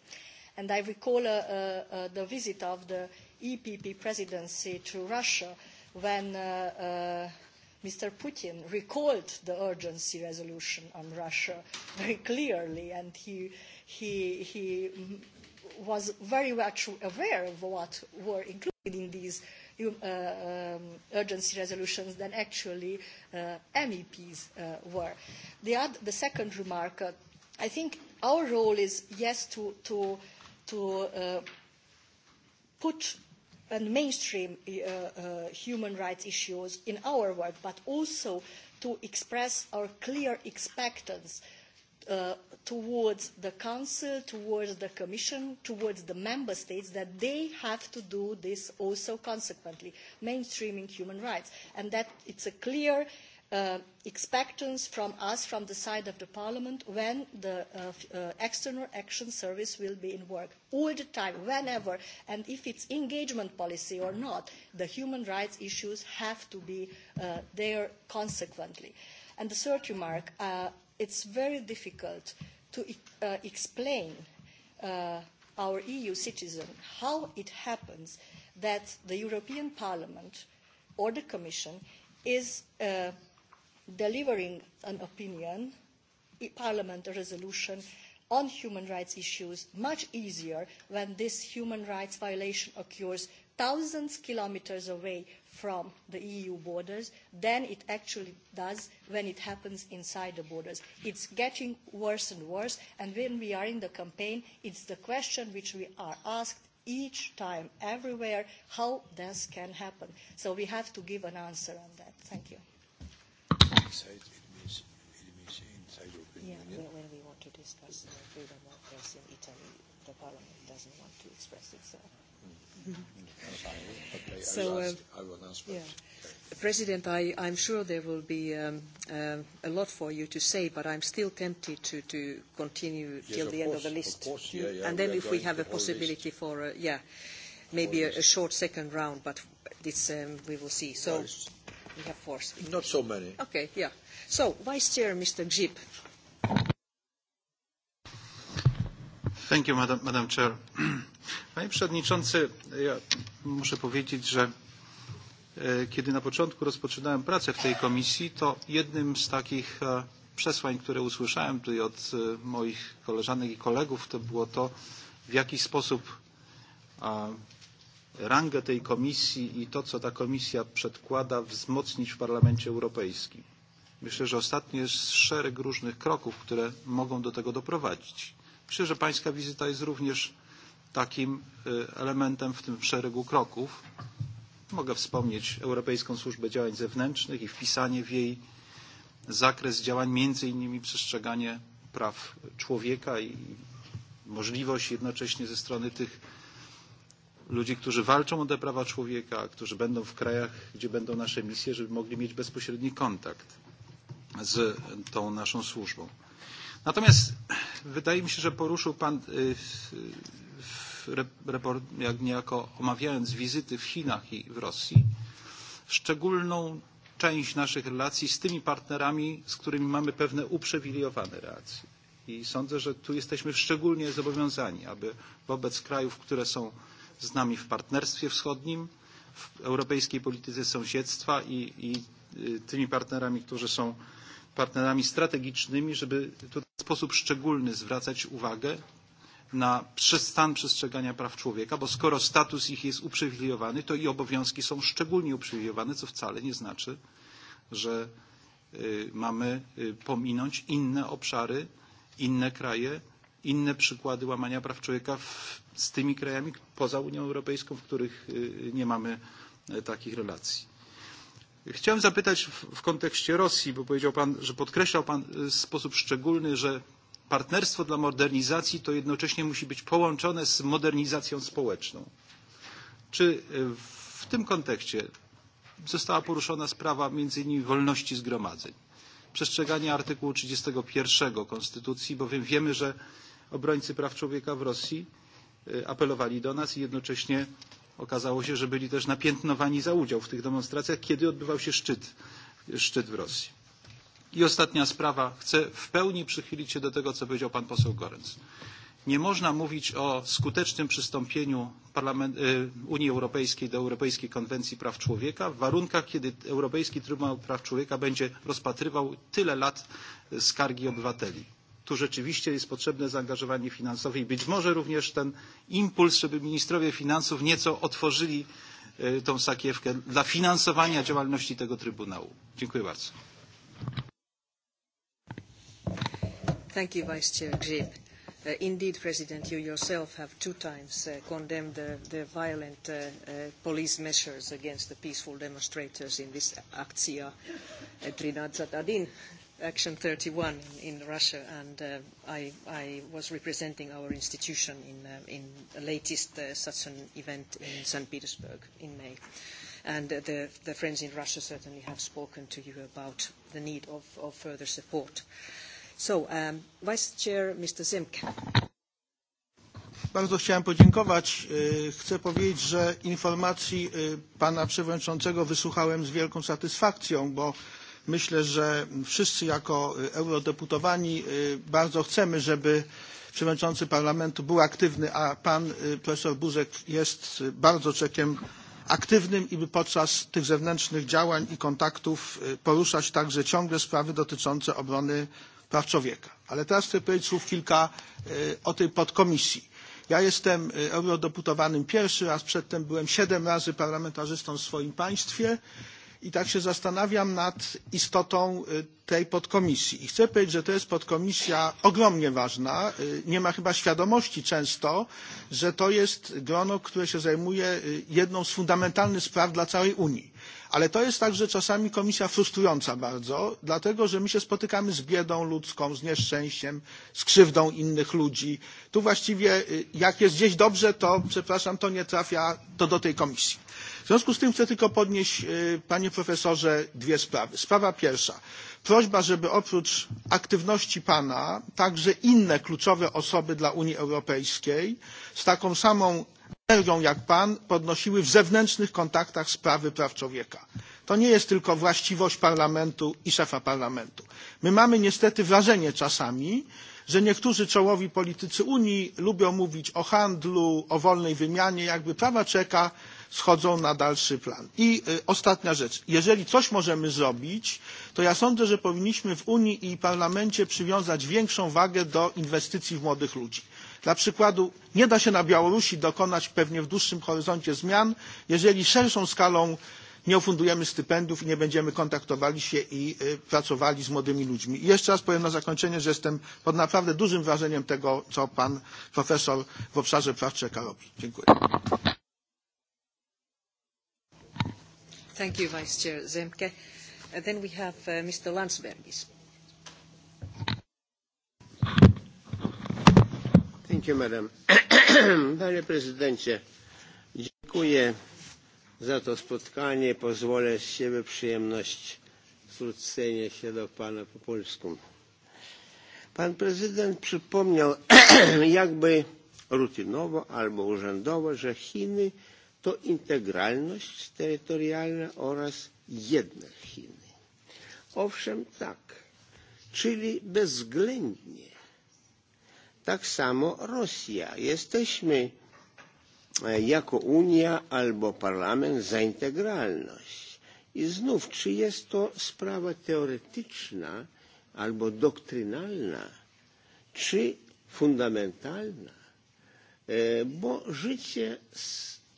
Speaker 9: And I recall uh, uh, uh the visit of the EPP presidency to Russia when uh, uh, Mr. Putin recalled the urgency resolution on Russia very clearly and he, he, he was very much aware of what were included in these uh, um, urgency resolutions than actually uh, MEPs uh, were. The, ad the second remark, uh, I think our role is, yes, to, to, to uh, put and mainstream uh, uh, human rights issues in our work, but also to express our clear expectance uh, uh, towards the Council, towards the Commission, towards the Member States, that they have to do this also consequently, mainstreaming human rights. And that it's a clear uh, expectance from us, from the side of the Parliament, when the uh, uh, External Action Service will be in work. All the time, whenever, and if it's engagement policy or not, the human rights issues have to be uh, there consequently. And the third remark, uh, it's very difficult to uh, explain uh, our EU citizen how it happens that the European Parliament or the Commission is uh, delivering an opinion, a Parliament a resolution on human rights issues much easier when this human rights violation occurs thousands of kilometers away from the EU borders than it actually does when it happens inside the borders. It's getting worse and worse, and when we are in the campaign, it's the question which we are asked each time, everywhere, how this can happen. So we have to give an answer on that. Thank you.
Speaker 2: Inside, it means, it means inside
Speaker 1: yeah, Union. when we want to discuss the freedom of press in Italy, the parliament doesn't want to express itself
Speaker 2: so, uh, uh, I will ask yeah. Uh,
Speaker 1: President, I, I'm sure there will be um, um, a lot for you to say, but I'm still tempted to, to continue yes, till the course, end of the list. Of course, yeah, yeah, and then if we have a possibility list. for, uh, yeah, maybe a, a short second round, but it's, um, we will see. So we have four speakers. Not so many. Okay, yeah. So, Vice Chair, Mr. Gzip.
Speaker 10: Thank you, Madam, Madam Chair. Panie Przewodniczący, ja muszę powiedzieć, że e, kiedy na początku rozpoczynałem pracę w tej komisji, to jednym z takich e, przesłań, które usłyszałem tutaj od e, moich koleżanek i kolegów, to było to, w jaki sposób rangę tej komisji i to, co ta komisja przedkłada, wzmocnić w Parlamencie Europejskim. Myślę, że ostatnio jest szereg różnych kroków, które mogą do tego doprowadzić. Myślę, że pańska wizyta jest również takim e, elementem w tym szeregu kroków. Mogę wspomnieć Europejską Służbę Działań Zewnętrznych i wpisanie w jej zakres działań, między innymi przestrzeganie praw człowieka i możliwość jednocześnie ze strony tych ludzi, którzy walczą o te prawa człowieka, którzy będą w krajach, gdzie będą nasze misje, żeby mogli mieć bezpośredni kontakt z tą naszą służbą. Natomiast wydaje mi się, że poruszył Pan w, report, jak niejako omawiając wizyty w Chinach i w Rosji, szczególną część naszych relacji z tymi partnerami, z którymi mamy pewne uprzywilejowane relacje. I sądzę, że tu jesteśmy szczególnie zobowiązani, aby wobec krajów, które są z nami w partnerstwie wschodnim, w europejskiej polityce sąsiedztwa i, i tymi partnerami, którzy są partnerami strategicznymi, żeby tutaj w sposób szczególny zwracać uwagę na stan przestrzegania praw człowieka, bo skoro status ich jest uprzywilejowany, to i obowiązki są szczególnie uprzywilejowane, co wcale nie znaczy, że mamy pominąć inne obszary, inne kraje, inne przykłady łamania praw człowieka w, z tymi krajami poza Unią Europejską, w których nie mamy e, takich relacji. Chciałem zapytać w kontekście Rosji, bo powiedział Pan, że podkreślał Pan w sposób szczególny, że partnerstwo dla modernizacji to jednocześnie musi być połączone z modernizacją społeczną. Czy w tym kontekście została poruszona sprawa między innymi wolności zgromadzeń, przestrzegania artykułu 31 Konstytucji, bowiem wiemy, że obrońcy praw człowieka w Rosji apelowali do nas i jednocześnie Okazało się, że byli też napiętnowani za udział w tych demonstracjach, kiedy odbywał się szczyt, szczyt w Rosji. I ostatnia sprawa. Chcę w pełni przychylić się do tego, co powiedział pan poseł Gorenc. Nie można mówić o skutecznym przystąpieniu Unii Europejskiej do Europejskiej Konwencji Praw Człowieka w warunkach, kiedy Europejski Trybunał Praw Człowieka będzie rozpatrywał tyle lat skargi obywateli tu rzeczywiście jest potrzebne zaangażowanie finansowe i być może również ten impuls, żeby ministrowie finansów nieco otworzyli e, tą sakiewkę dla finansowania działalności tego Trybunału. Dziękuję bardzo.
Speaker 1: Thank you, Vice Chair Grzyb. Uh, indeed, President, you yourself have two times uh, condemned the, the violent uh, uh, police measures against the peaceful demonstrators in this Akcja uh, Trinad Zadadin Action 31 in, in Russia, and uh, I, I was representing our institution in, uh, in the latest uh, such an event in St. Petersburg in May. And uh, the, the friends in Russia certainly have spoken to you about the need of, of further support. So, um, Vice Chair, Mr. Zimk.
Speaker 11: Bardzo chciałem podziękować. E, chcę powiedzieć, że informacji e, pana przewodniczącego wysłuchałem z wielką satysfakcją, bo Myślę, że wszyscy jako eurodeputowani bardzo chcemy, żeby przewodniczący parlamentu był aktywny, a pan profesor Buzek jest bardzo czekiem aktywnym i by podczas tych zewnętrznych działań i kontaktów poruszać także ciągle sprawy dotyczące obrony praw człowieka. Ale teraz chcę powiedzieć słów kilka o tej podkomisji. Ja jestem eurodeputowanym pierwszy raz, przedtem byłem siedem razy parlamentarzystą w swoim państwie i tak się zastanawiam nad istotą tej podkomisji. I chcę powiedzieć, że to jest podkomisja ogromnie ważna. Nie ma chyba świadomości często, że to jest grono, które się zajmuje jedną z fundamentalnych spraw dla całej Unii. Ale to jest także czasami komisja frustrująca bardzo, dlatego że my się spotykamy z biedą ludzką, z nieszczęściem, z krzywdą innych ludzi. Tu właściwie jak jest gdzieś dobrze, to przepraszam, to nie trafia to do tej komisji. W związku z tym chcę tylko podnieść, panie profesorze, dwie sprawy. Sprawa pierwsza. Prośba, żeby oprócz aktywności pana także inne kluczowe osoby dla Unii Europejskiej z taką samą energią jak pan podnosiły w zewnętrznych kontaktach sprawy praw człowieka. To nie jest tylko właściwość parlamentu i szefa parlamentu. My mamy niestety wrażenie czasami, że niektórzy czołowi politycy Unii lubią mówić o handlu, o wolnej wymianie, jakby prawa czeka schodzą na dalszy plan. I y, ostatnia rzecz. Jeżeli coś możemy zrobić, to ja sądzę, że powinniśmy w Unii i Parlamencie przywiązać większą wagę do inwestycji w młodych ludzi. Dla przykładu, nie da się na Białorusi dokonać pewnie w dłuższym horyzoncie zmian, jeżeli szerszą skalą nie ofundujemy stypendiów i nie będziemy kontaktowali się i pracowali z młodymi ludźmi. I jeszcze raz powiem na zakończenie, że jestem pod naprawdę dużym wrażeniem tego, co pan profesor w obszarze praw człowieka robi. Dziękuję.
Speaker 1: Thank you, Vice Chair Zemke. Uh, then we have uh, Mr. Landsbergis.
Speaker 12: Thank you, madam. Panie prezydencie, dziękuję za to spotkanie. Pozwolę z siebie przyjemność zwrócenia się do pana po polsku. Pan prezydent przypomniał jakby rutynowo albo urzędowo, że Chiny to integralność terytorialna oraz jedne Chiny. Owszem, tak, czyli bezwzględnie tak samo Rosja. Jesteśmy e, jako Unia albo Parlament za integralność. I znów, czy jest to sprawa teoretyczna albo doktrynalna, czy fundamentalna? E, bo życie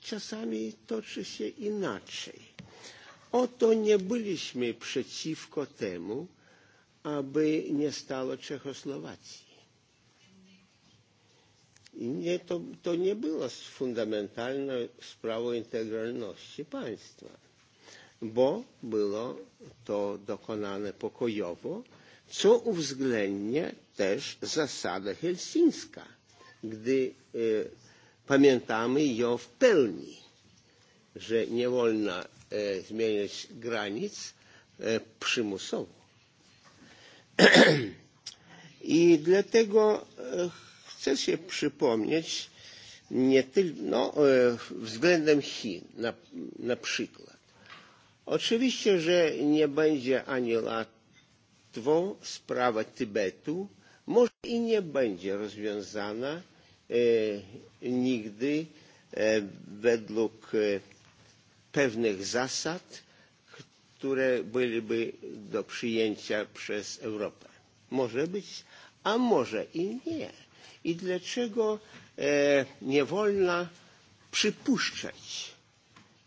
Speaker 12: czasami toczy się inaczej. Oto nie byliśmy przeciwko temu, aby nie stało Czechosłowacji Nie, to, to nie było fundamentalną sprawą integralności państwa, bo było to dokonane pokojowo, co uwzględnia też zasadę helsińska, gdy e, pamiętamy ją w pełni, że nie wolno e, zmieniać granic e, przymusowo. I dlatego e, Chcę się przypomnieć nie tylko no, e, względem Chin na, na przykład. Oczywiście, że nie będzie ani łatwo sprawa Tybetu, może i nie będzie rozwiązana e, nigdy e, według e, pewnych zasad, które byłyby do przyjęcia przez Europę. Może być, a może i nie i dlaczego e, nie wolno przypuszczać,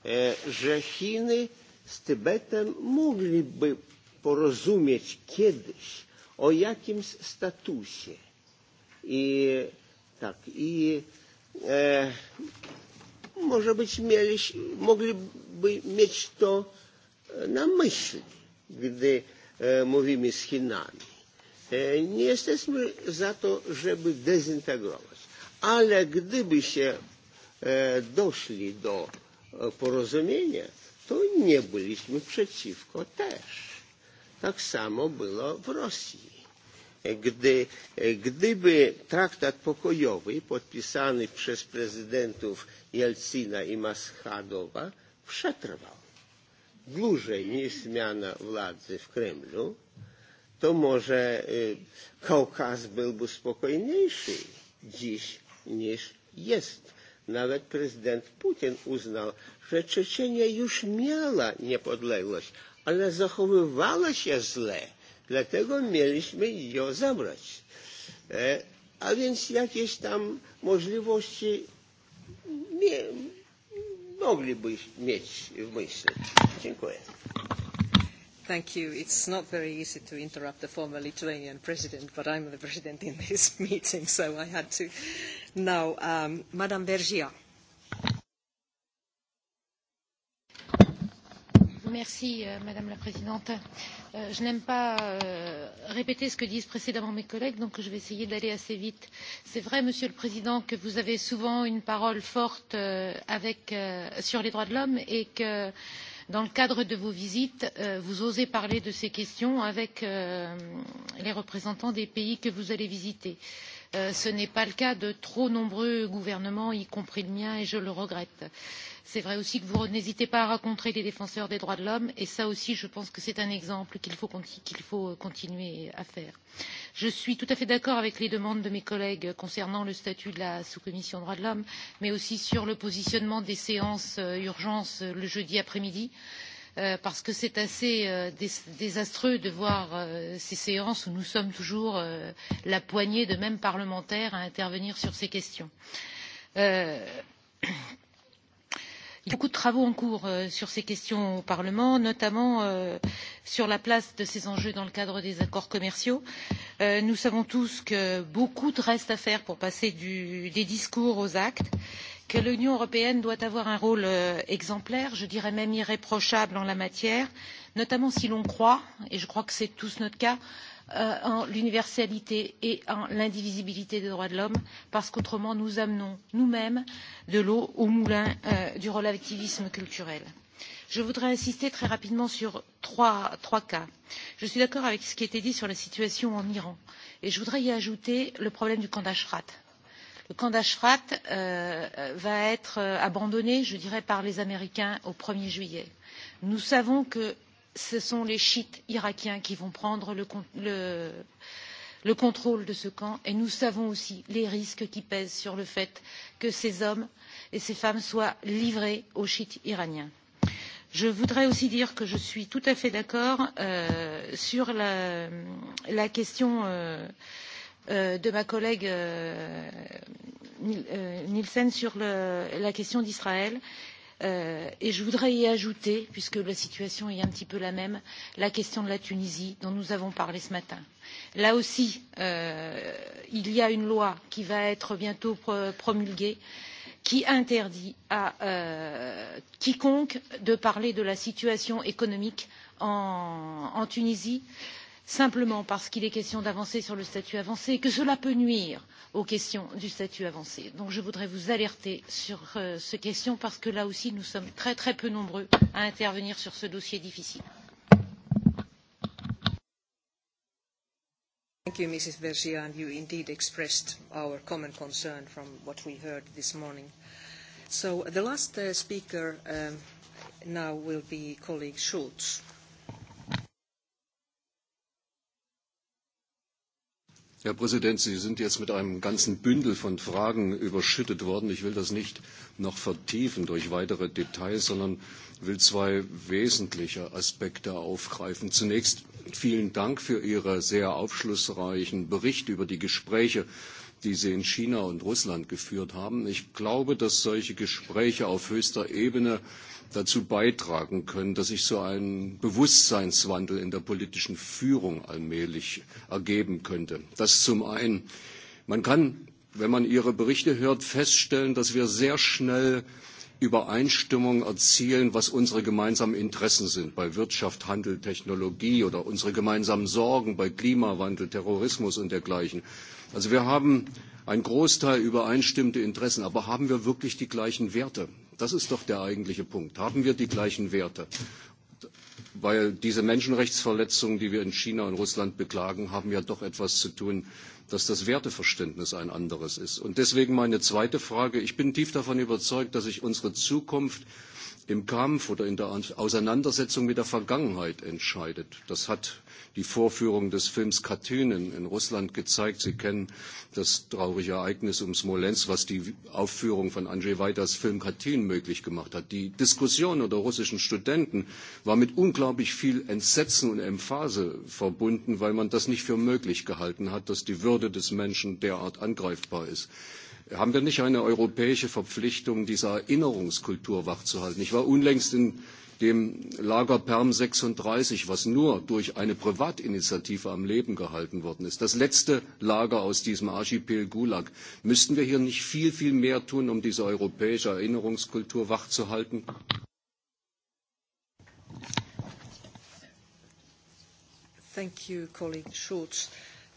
Speaker 12: e, że Chiny z Tybetem mogliby porozumieć kiedyś o jakimś statusie. I tak, i e, może być mieli, mogliby mieć to e, na myśli, gdy e, mówimy z Chinami. E, nie jesteśmy za to, żeby dezintegrować. Ale gdyby się e, doszli do e, porozumienia, to nie byliśmy przeciwko też. Tak samo było w Rosji. Gdy, gdyby traktat pokojowy podpisany przez prezydentów Jelcina i Maschadowa przetrwał dłużej niż zmiana władzy w Kremlu, to może Kaukaz byłby spokojniejszy dziś niż jest. Nawet prezydent Putin uznał, że Czeczenia już miała niepodległość, ale zachowywała się źle, dlatego mieliśmy ją zabrać. E, a więc jakieś tam możliwości nie, mogliby mieć w myśli. Dziękuję.
Speaker 1: Thank you. It's not very easy to interrupt the former Lithuanian president, but I'm the president in this meeting, so I had to. Now, um, Madame Vergia.
Speaker 13: Merci, euh, Madame la Présidente. Euh, je n'aime pas euh, répéter ce que disent précédemment mes collègues, donc je vais essayer d'aller assez vite. C'est vrai, Monsieur le Président, que vous avez souvent une parole forte euh, avec, euh, sur les droits de l'homme et que euh, Dans le cadre de vos visites, euh, vous osez parler de ces questions avec euh, les représentants des pays que vous allez visiter. Euh, Euh, ce n'est pas le cas de trop nombreux gouvernements, y compris le mien, et je le regrette. C'est vrai aussi que vous n'hésitez pas à rencontrer les défenseurs des droits de l'homme, et ça aussi, je pense que c'est un exemple qu'il faut, qu faut euh, continuer à faire. Je suis tout à fait d'accord avec les demandes de mes collègues concernant le statut de la sous-commission droits de l'homme, mais aussi sur le positionnement des séances euh, urgences le jeudi après-midi. Euh, Euh, parce que c'est assez euh, dés désastreux de voir euh, ces séances où nous sommes toujours euh, la poignée de mêmes parlementaires à intervenir sur ces questions. Euh, Il y a beaucoup de travaux en cours euh, sur ces questions au Parlement, notamment euh, sur la place de ces enjeux dans le cadre des accords commerciaux. Euh, nous savons tous que beaucoup de reste à faire pour passer du, des discours aux actes. Euh, que l'Union européenne doit avoir un rôle euh, exemplaire, je dirais même irréprochable en la matière, notamment si l'on croit, et je crois que c'est tous notre cas, euh, en l'universalité et en l'indivisibilité des droits de l'homme, parce qu'autrement nous amenons nous-mêmes de l'eau au moulin euh, du relativisme culturel. Je voudrais insister très rapidement sur trois, trois cas. Je suis d'accord avec ce qui a été dit sur la situation en Iran, et je voudrais y ajouter le problème du camp d'Ashrat Le camp d'Ashraf euh, va être euh, abandonné, je dirais, par les Américains au 1er juillet. Nous savons que ce sont les chiites irakiens qui vont prendre le, le, le contrôle de ce camp et nous savons aussi les risques qui pèsent sur le fait que ces hommes et ces femmes soient livrés aux chiites iraniens. Je voudrais aussi dire que je suis tout à fait d'accord euh, sur la, la question euh, Euh, de ma collègue euh, euh, Nielsen sur le, la question d'Israël. Euh, et je voudrais y ajouter, puisque la situation est un petit peu la même, la question de la Tunisie dont nous avons parlé ce matin. Là aussi, euh, il y a une loi qui va être bientôt promulguée qui interdit à euh, quiconque de parler de la situation économique en, en Tunisie. Euh, simplement parce qu'il est question d'avancer sur le statut avancé, et que cela peut nuire aux questions du statut avancé. Donc je voudrais vous alerter sur euh, ces questions parce que là aussi nous sommes très très peu nombreux à intervenir sur ce dossier difficile.
Speaker 1: Thank you, Mrs. Bergia, and you indeed expressed our common concern from what we heard this morning. So the last uh, speaker um, now will be colleague Schultz.
Speaker 14: Herr Präsident, Sie sind jetzt mit einem ganzen Bündel von Fragen überschüttet worden. Ich will das nicht noch vertiefen durch weitere Details, sondern will zwei wesentliche Aspekte aufgreifen. Zunächst vielen Dank für Ihren sehr aufschlussreichen Bericht über die Gespräche die sie in China und Russland geführt haben. Ich glaube, dass solche Gespräche auf höchster Ebene dazu beitragen können, dass sich so ein Bewusstseinswandel in der politischen Führung allmählich ergeben könnte. Das zum einen. Man kann, wenn man Ihre Berichte hört, feststellen, dass wir sehr schnell Übereinstimmung erzielen, was unsere gemeinsamen Interessen sind, bei Wirtschaft, Handel, Technologie oder unsere gemeinsamen Sorgen bei Klimawandel, Terrorismus und dergleichen. Also wir haben einen Großteil übereinstimmte Interessen, aber haben wir wirklich die gleichen Werte? Das ist doch der eigentliche Punkt. Haben wir die gleichen Werte? weil diese Menschenrechtsverletzungen, die wir in China und Russland beklagen, haben ja doch etwas zu tun, dass das Werteverständnis ein anderes ist. Und deswegen meine zweite Frage. Ich bin tief davon überzeugt, dass sich unsere Zukunft im Kampf oder in der Auseinandersetzung mit der Vergangenheit entscheidet. Das hat die Vorführung des Films Katynen in Russland gezeigt. Sie kennen das traurige Ereignis um Smolensk, was die Aufführung von Andrzej Weiters Film Katyn möglich gemacht hat. Die Diskussion unter russischen Studenten war mit unglaublich viel Entsetzen und Emphase verbunden, weil man das nicht für möglich gehalten hat, dass die Würde des Menschen derart angreifbar ist. Haben wir nicht eine europäische Verpflichtung, diese Erinnerungskultur wachzuhalten? Ich war unlängst in dem Lager Perm 36, was nur durch eine Privatinitiative am Leben gehalten worden ist, das letzte Lager aus diesem Archipel Gulag, müssten wir hier nicht viel, viel mehr tun, um diese europäische Erinnerungskultur wachzuhalten?
Speaker 1: Thank you, colleague Schulz.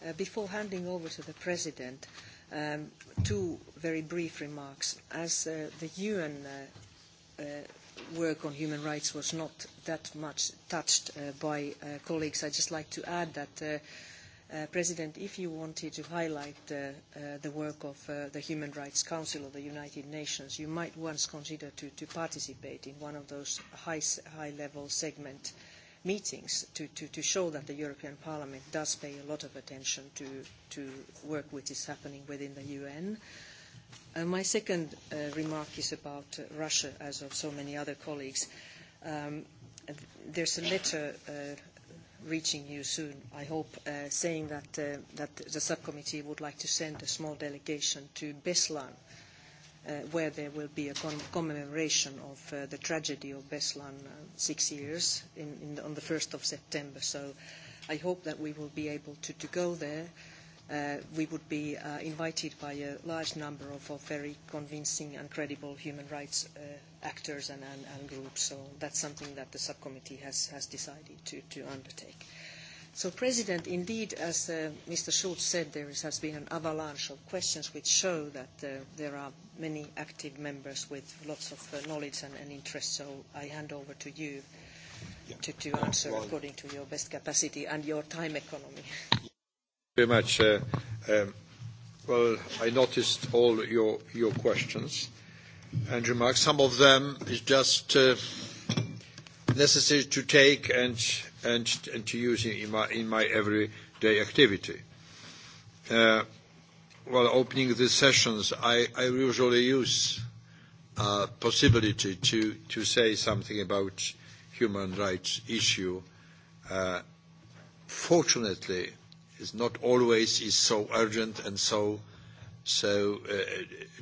Speaker 1: Uh, before handing over to the President, um, two very brief remarks. As uh, the UN uh, uh, work on human rights was not that much touched uh, by uh, colleagues. I'd just like to add that, uh, uh, President, if you wanted to highlight uh, uh, the work of uh, the Human Rights Council of the United Nations, you might once consider to, to participate in one of those high-level high, segment meetings to, to, to show that the European Parliament does pay a lot of attention to, to work which is happening within the UN. Uh, Uh, my second uh, remark is about uh, Russia, as of so many other colleagues. Um, there's a letter uh, reaching you soon, I hope, uh, saying that, uh, that the subcommittee would like to send a small delegation to Beslan, uh, where there will be a con commemoration of uh, the tragedy of Beslan uh, six years in, in the, on the 1st of September. So I hope that we will be able to, to go there uh, we would be uh, invited by a large number of, of very convincing and credible human rights uh, actors and, and, and groups. So that's something that the subcommittee has, has decided to, to undertake. So, President, indeed, as uh, Mr. Schulz said, there is, has been an avalanche of questions which show that uh, there are many active members with lots of uh, knowledge and, and interest. So I hand over to you yeah. to, to answer well, according to your best capacity and your time economy.
Speaker 2: very much. Uh, um, well, I noticed all your, your questions and remarks. Some of them is just uh, necessary to take and, and, and to use in my, in my everyday activity. Uh, while opening the sessions, I, I usually use uh, possibility to, to say something about human rights issue. Uh, fortunately, is not always is so urgent and so, so uh,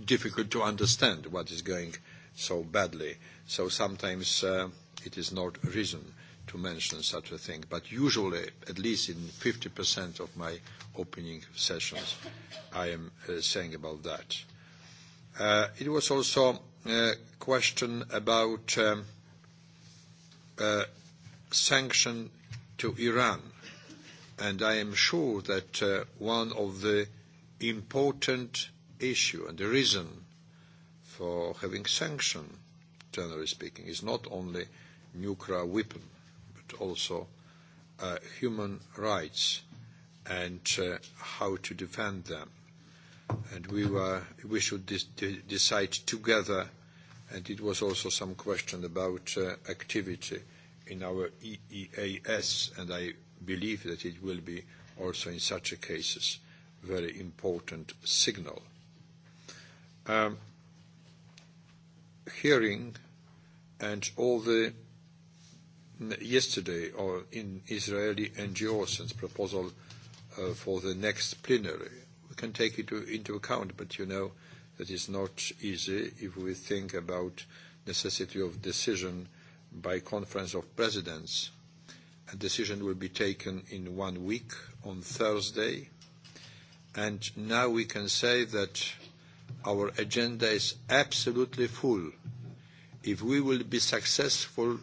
Speaker 2: difficult to understand what is going so badly. So sometimes uh, it is not reason to mention such a thing. But usually, at least in 50% of my opening sessions, I am uh, saying about that. Uh, it was also a uh, question about um, uh, sanction to Iran and I am sure that uh, one of the important issue and the reason for having sanction, generally speaking, is not only nuclear weapon, but also uh, human rights and uh, how to defend them. And we, were, we should de de decide together, and it was also some question about uh, activity in our EEAS, and I believe that it will be also in such a cases very important signal. Um, hearing and all the yesterday or in Israeli NGOs and proposal uh, for the next plenary. We can take it to, into account, but you know that is not easy if we think about necessity of decision by conference of presidents A decision will be taken in one week on Thursday. And now we can say that our agenda is absolutely full. If we will be successful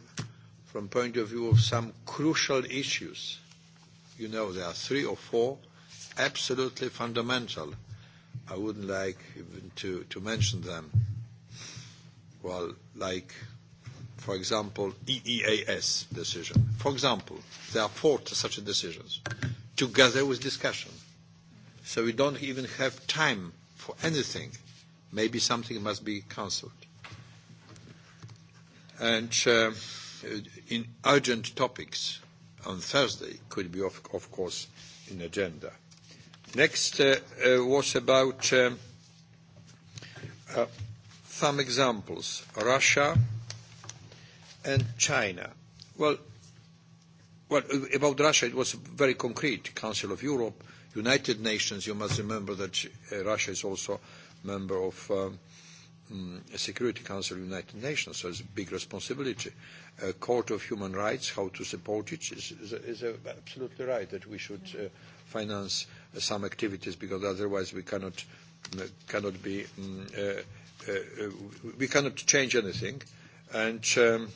Speaker 2: from point of view of some crucial issues, you know there are three or four absolutely fundamental. I wouldn't like even to, to mention them. Well, like for example, EEAS decision. For example, there are four such decisions, together with discussion. So we don't even have time for anything. Maybe something must be cancelled. And uh, in urgent topics on Thursday could be, of, of course, in agenda. Next uh, uh, was about uh, uh, some examples. Russia, and China. Well, well, about Russia, it was very concrete. Council of Europe, United Nations, you must remember that uh, Russia is also a member of um, um, Security Council of United Nations, so it's a big responsibility. Uh, Court of Human Rights, how to support it, is, is, is absolutely right that we should uh, finance uh, some activities because otherwise we cannot, mm, uh, cannot be, um, uh, uh, we cannot change anything. Uh, and um,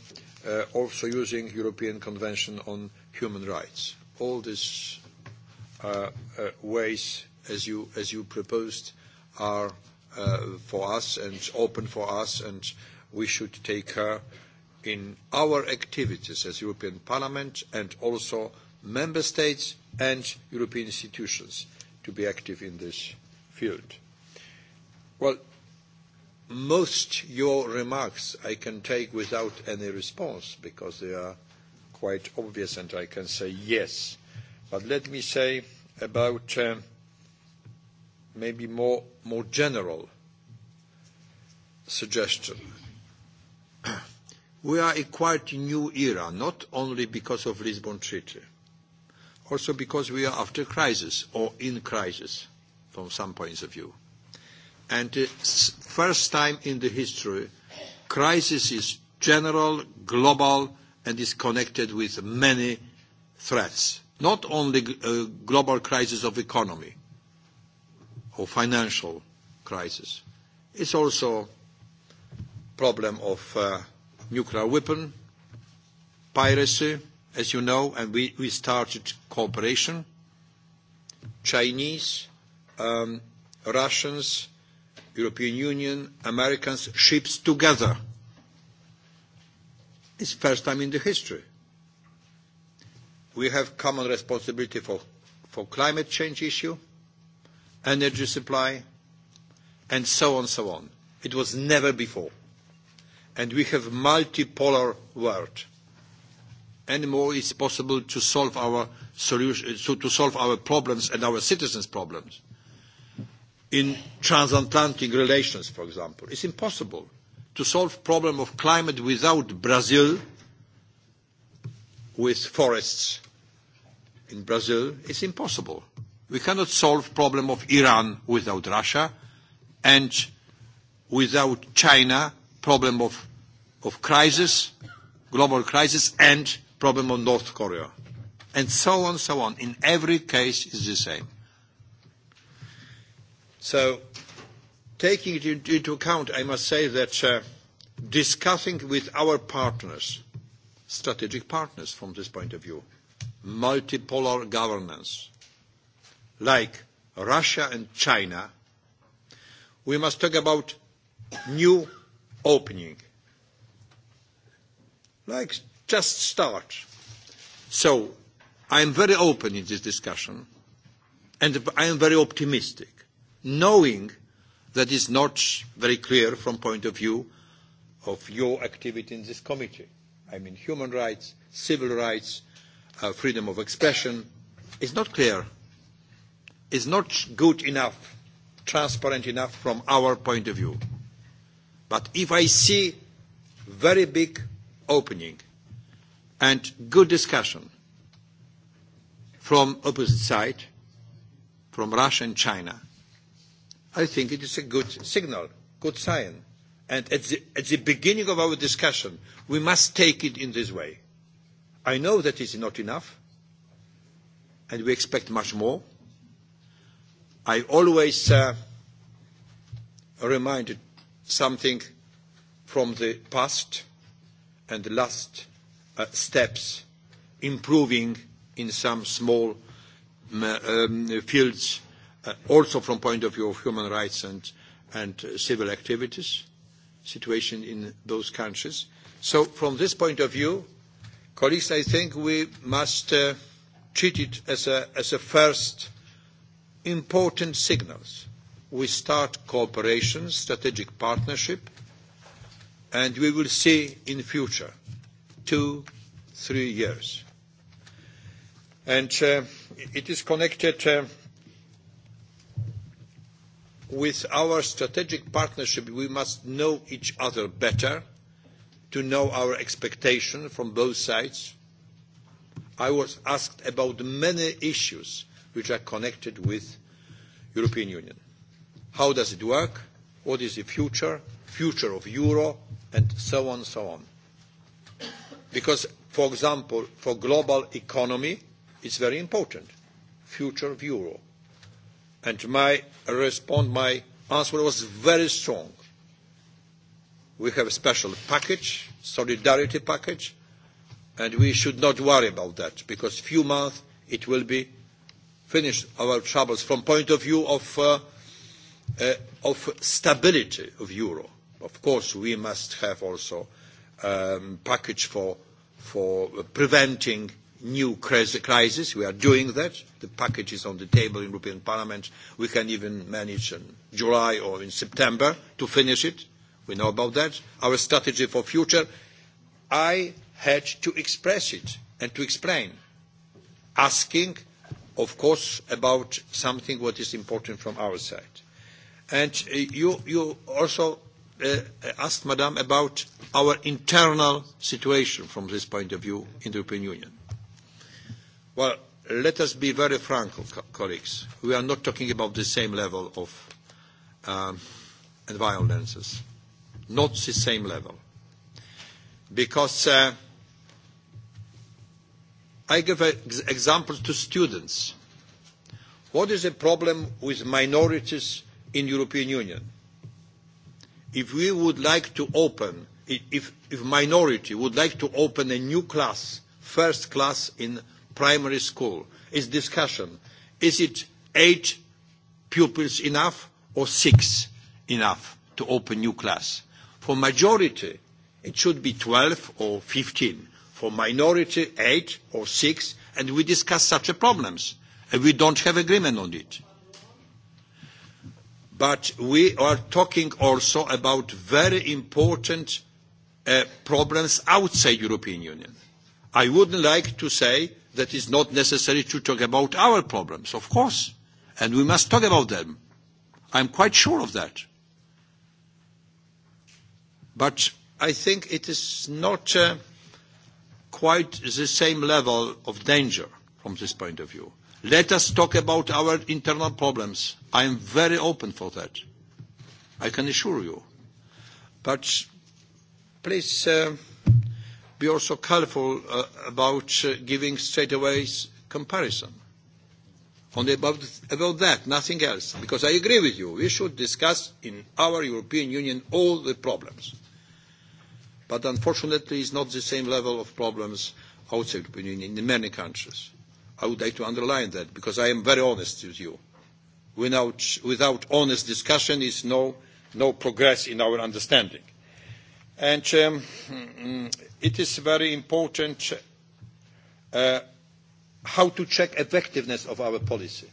Speaker 2: uh, also using European Convention on Human Rights. All these uh, uh, ways, as you, as you proposed, are uh, for us and open for us, and we should take care in our activities as European Parliament and also Member States and European institutions to be active in this field. Well, most your remarks I can take without any response because they are quite obvious and I can say yes. But let me say about uh, maybe more, more general suggestion. we are a quite new era, not only because of Lisbon Treaty, also because we are after crisis or in crisis from some points of view and the first time in the history, crisis is general, global, and is connected with many threats. Not only a uh, global crisis of economy or financial crisis. It's also problem of uh, nuclear weapon, piracy, as you know, and we, we started cooperation. Chinese, um, Russians, European Union, Americans, ships together. It's first time in the history. We have common responsibility for, for climate change issue, energy supply, and so on, so on. It was never before. And we have multipolar world. And more is possible to solve our solution, so to solve our problems and our citizens' problems in transatlantic relations, for example. It's impossible to solve problem of climate without Brazil with forests in Brazil. It's impossible. We cannot solve problem of Iran without Russia and without China, problem of, of crisis, global crisis, and problem of North Korea. And so on, so on. In every case, it's the same. So, taking it into account, I must say that uh, discussing with our partners, strategic partners from this point of view, multipolar governance, like Russia and China, we must talk about new opening. Like just start. So I am very open in this discussion and I am very optimistic knowing that is not very clear from point of view of your activity in this committee. I mean, human rights, civil rights, uh, freedom of expression is not clear, It's not good enough, transparent enough from our point of view. But if I see very big opening and good discussion from opposite side, from Russia and China, I think it is a good signal, good sign. And at the, at the beginning of our discussion, we must take it in this way. I know that is not enough, and we expect much more. I always uh, remind something from the past and the last uh, steps improving in some small um, fields uh, also from point of view of human rights and, and uh, civil activities, situation in those countries. So from this point of view, colleagues, I think we must uh, treat it as a, as a first important signals. We start cooperation, strategic partnership, and we will see in future, two, three years. And uh, it is connected uh, with our strategic partnership, we must know each other better to know our expectation from both sides. I was asked about many issues which are connected with European Union. How does it work? What is the future? Future of Euro? And so on, so on. Because, for example, for global economy, it's very important. Future of Euro And my response, my answer was very strong. We have a special package, solidarity package, and we should not worry about that because few months it will be finished our troubles from point of view of, uh, uh, of stability of euro. Of course, we must have also um, package for, for preventing new crisis. We are doing that. The package is on the table in European Parliament. We can even manage in July or in September to finish it. We know about that. Our strategy for future, I had to express it and to explain, asking, of course, about something what is important from our side. And uh, you, you also uh, asked, Madam, about our internal situation from this point of view in the European Union. Well, let us be very frank, co colleagues. We are not talking about the same level of um, violences. Not the same level. Because uh, I give examples to students. What is the problem with minorities in European Union? If we would like to open, if, if minority would like to open a new class, first class in primary school? Is discussion. Is it eight pupils enough or six enough to open new class? For majority, it should be 12 or 15. For minority, eight or six, and we discuss such problems, and we don't have agreement on it. But we are talking also about very important uh, problems outside European Union. I would like to say that it's not necessary to talk about our problems, of course, and we must talk about them. I'm quite sure of that. But I think it is not uh, quite the same level of danger from this point of view. Let us talk about our internal problems. I am very open for that. I can assure you. But please, uh, be also careful uh, about uh, giving away comparison. On the, about, about that, nothing else, because I agree with you. We should discuss in our European Union all the problems. But unfortunately, it's not the same level of problems outside the European Union in many countries. I would like to underline that, because I am very honest with you. Without, without honest discussion is no, no progress in our understanding. And um, mm, it is very important uh, how to check effectiveness of our policy.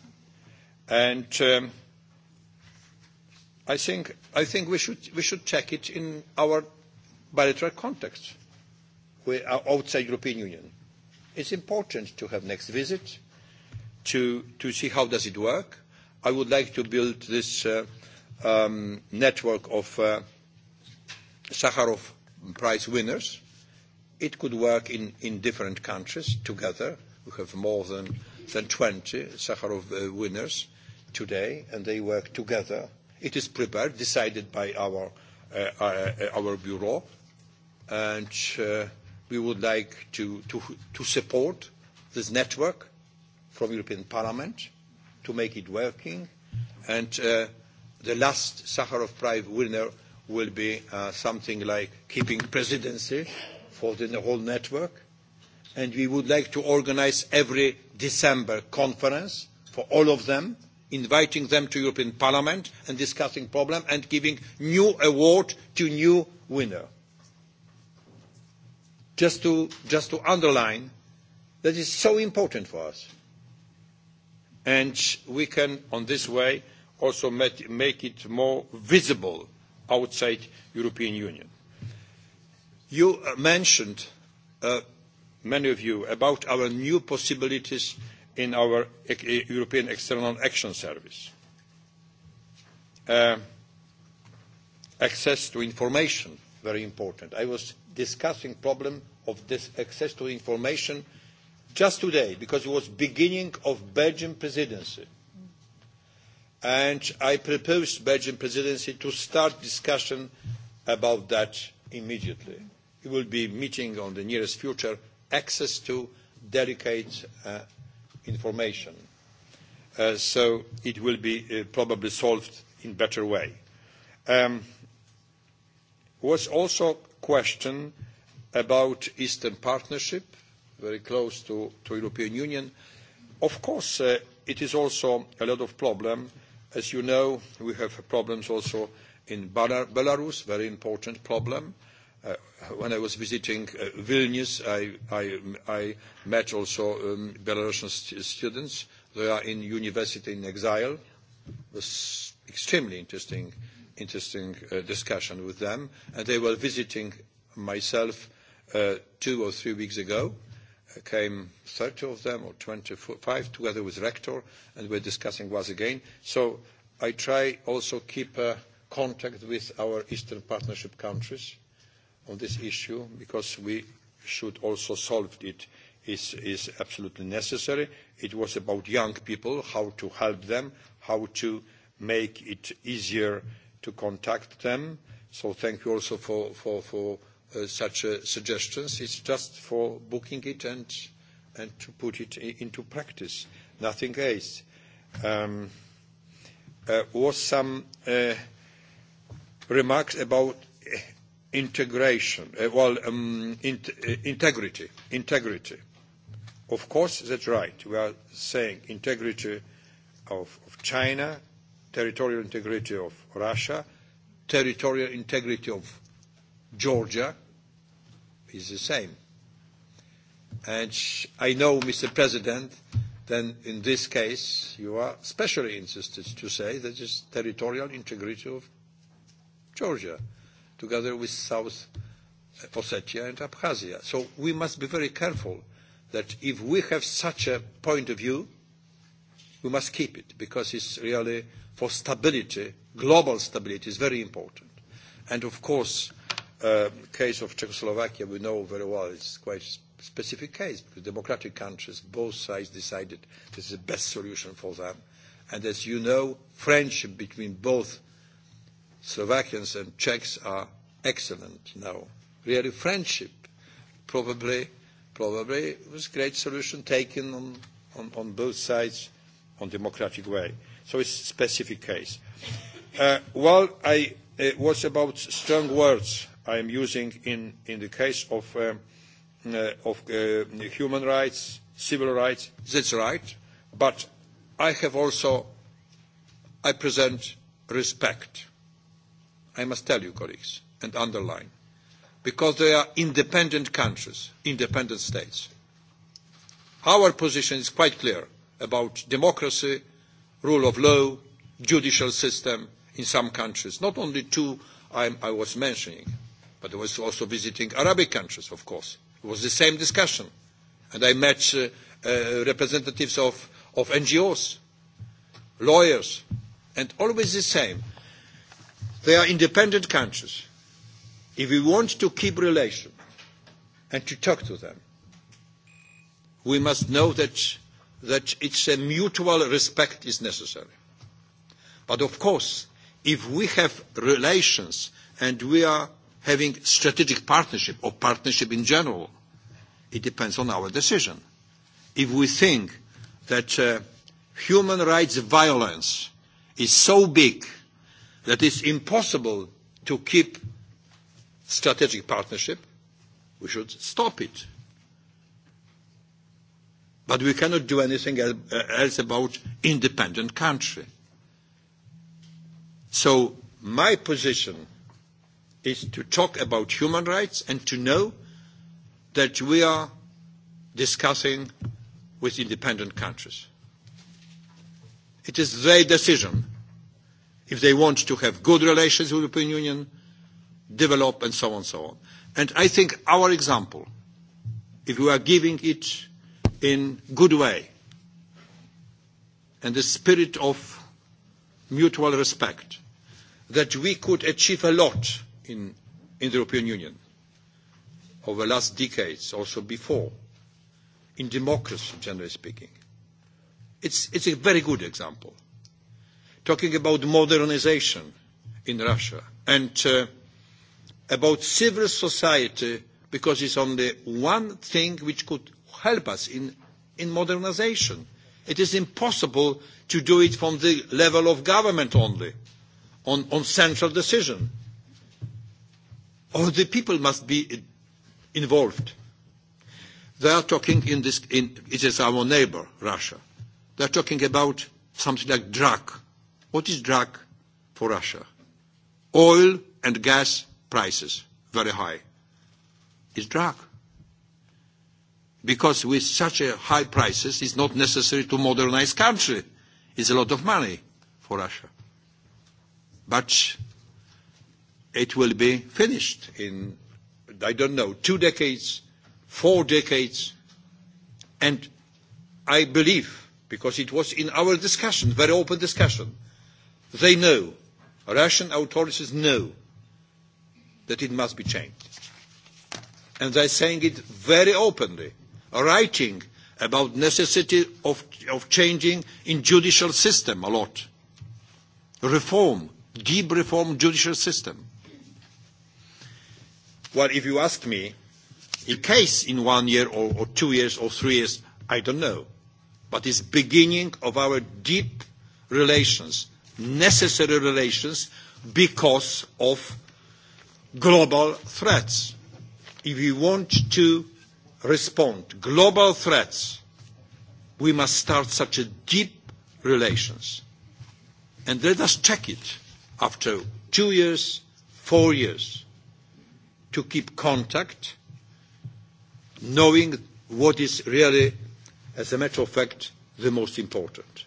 Speaker 2: And um, I think, I think we, should, we should check it in our bilateral context with our uh, outside European Union. It's important to have next visit, to, to see how does it work. I would like to build this uh, um, network of uh, Sakharov Prize winners. It could work in, in different countries together. We have more than, than 20 Sakharov uh, winners today, and they work together. It is prepared, decided by our, uh, our, uh, our bureau, and uh, we would like to, to, to support this network from European Parliament to make it working. And uh, the last Sakharov Prize winner will be uh, something like keeping presidency for the whole network. And we would like to organize every December conference for all of them, inviting them to European Parliament and discussing problem and giving new award to new winner. Just to, just to underline that is so important for us. And we can, on this way, also make it more visible outside European Union. You uh, mentioned, uh, many of you, about our new possibilities in our e-, e-, European External Action Service. Uh, access to information, very important. I was discussing problem of this access to information just today because it was beginning of Belgian presidency and I the Belgian presidency to start discussion about that immediately. It will be meeting on the nearest future, access to delicate uh, information. Uh, so it will be uh, probably solved in a better way. Um, was also a question about Eastern Partnership, very close to, to European Union. Of course, uh, it is also a lot of problem As you know, we have problems also in Belarus, very important problem. Uh, when I was visiting uh, Vilnius, I, I, I met also um, Belarusian students. They are in university in exile. It was extremely interesting, uh, discussion with them. And they were visiting myself uh, two or three weeks ago Uh, came 30 of them or 25 together with rector and we're discussing once again. So I try also keep uh, contact with our Eastern Partnership countries on this issue because we should also solve it is, is absolutely necessary. It was about young people, how to help them, how to make it easier to contact them. So thank you also for, for, for Uh, such uh, suggestions. It's just for booking it and, and to put it into practice, nothing else. Um, uh, was some uh, remarks about uh, integration, uh, well, um, in, uh, integrity, integrity. Of course, that's right. We are saying integrity of, of China, territorial integrity of Russia, territorial integrity of Georgia is the same. And I know, Mr. President, then in this case you are especially interested to say that it's territorial integrity of Georgia, together with South Ossetia and Abkhazia. So we must be very careful that if we have such a point of view, we must keep it because it's really for stability, global stability is very important. And of course, uh, case of Czechoslovakia we know very well it's quite a specific case because democratic countries, both sides decided this is the best solution for them. And as you know, friendship between both Slovakians and Czechs are excellent now. Really friendship probably, probably was a great solution taken on, on, on both sides on democratic way. So it's a specific case. Uh, well, I, it was about strong words I am using in, in the case of, uh, uh, of uh, human rights, civil rights, that's right, but I have also, I present respect. I must tell you, colleagues, and underline, because they are independent countries, independent states. Our position is quite clear about democracy, rule of law, judicial system in some countries, not only two I, I was mentioning but I was also visiting Arabic countries, of course. It was the same discussion. And I met uh, uh, representatives of, of NGOs, lawyers, and always the same. They are independent countries. If we want to keep relations and to talk to them, we must know that, that it's a mutual respect is necessary. But of course, if we have relations and we are having strategic partnership or partnership in general, it depends on our decision. If we think that uh, human rights violence is so big that it's impossible to keep strategic partnership, we should stop it. But we cannot do anything uh, else about independent country. So my position is to talk about human rights and to know that we are discussing with independent countries. It is their decision if they want to have good relations with the European Union, develop and so on and so on. And I think our example, if we are giving it in good way and the spirit of mutual respect, that we could achieve a lot in, in the European Union over the last decades, also before, in democracy, generally speaking. It's, it's a very good example. Talking about modernization in Russia and uh, about civil society, because it's only one thing which could help us in, in modernization. It is impossible to do it from the level of government only, on, on central decision or the people must be involved. They are talking in this, in, it is our neighbor, Russia. They are talking about something like drug. What is drug for Russia? Oil and gas prices, very high. It's drug. Because with such a high prices, it's not necessary to modernize country. It's a lot of money for Russia. But it will be finished in, I don't know, two decades, four decades. And I believe, because it was in our discussion, very open discussion, they know, Russian authorities know that it must be changed. And they're saying it very openly, writing about necessity of, of changing in judicial system a lot. Reform, deep reform judicial system Well, if you ask me, a case in one year or, or two years or three years, I don't know. But it's beginning of our deep relations, necessary relations, because of global threats. If we want to respond global threats, we must start such a deep relations. And let us check it after two years, four years to keep contact, knowing what is really, as a matter of fact, the most important.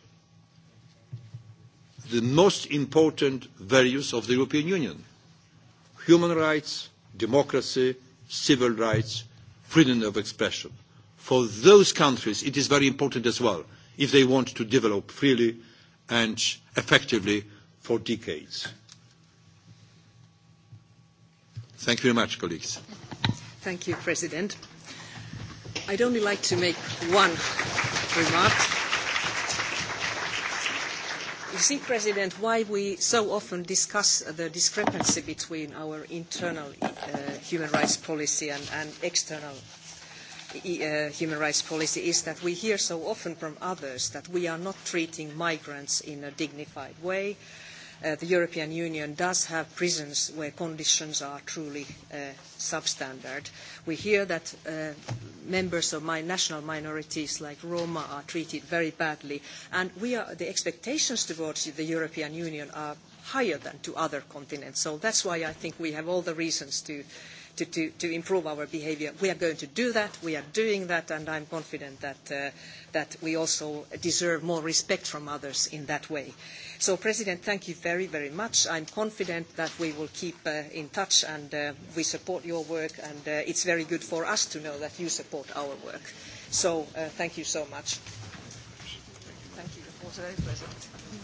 Speaker 2: The most important values of the European Union human rights, democracy, civil rights, freedom of expression. For those countries, it is very important as well if they want to develop freely and effectively for decades. Thank you very much, colleagues.
Speaker 1: Thank you, President. I'd only like to make one remark. You see, President, why we so often discuss the discrepancy between our internal uh, human rights policy and, and external e, uh, human rights policy is that we hear so often from others that we are not treating migrants in a dignified way, Uh, the European Union does have prisons where conditions are truly uh, substandard. We hear that uh, members of my national minorities like Roma are treated very badly, and we are, the expectations towards the European Union are higher than to other continents. So that's why I think we have all the reasons to, uh, to, to, to improve our behaviour. We are going to do that, we are doing that, and I'm confident that, uh, that we also deserve more respect from others in that way. So, President, thank you very, very much. I'm confident that we will keep uh, in touch and uh, we support your work, and uh, it's very good for us to know that you support our work. So, uh, thank you so much.
Speaker 7: Thank you. Also very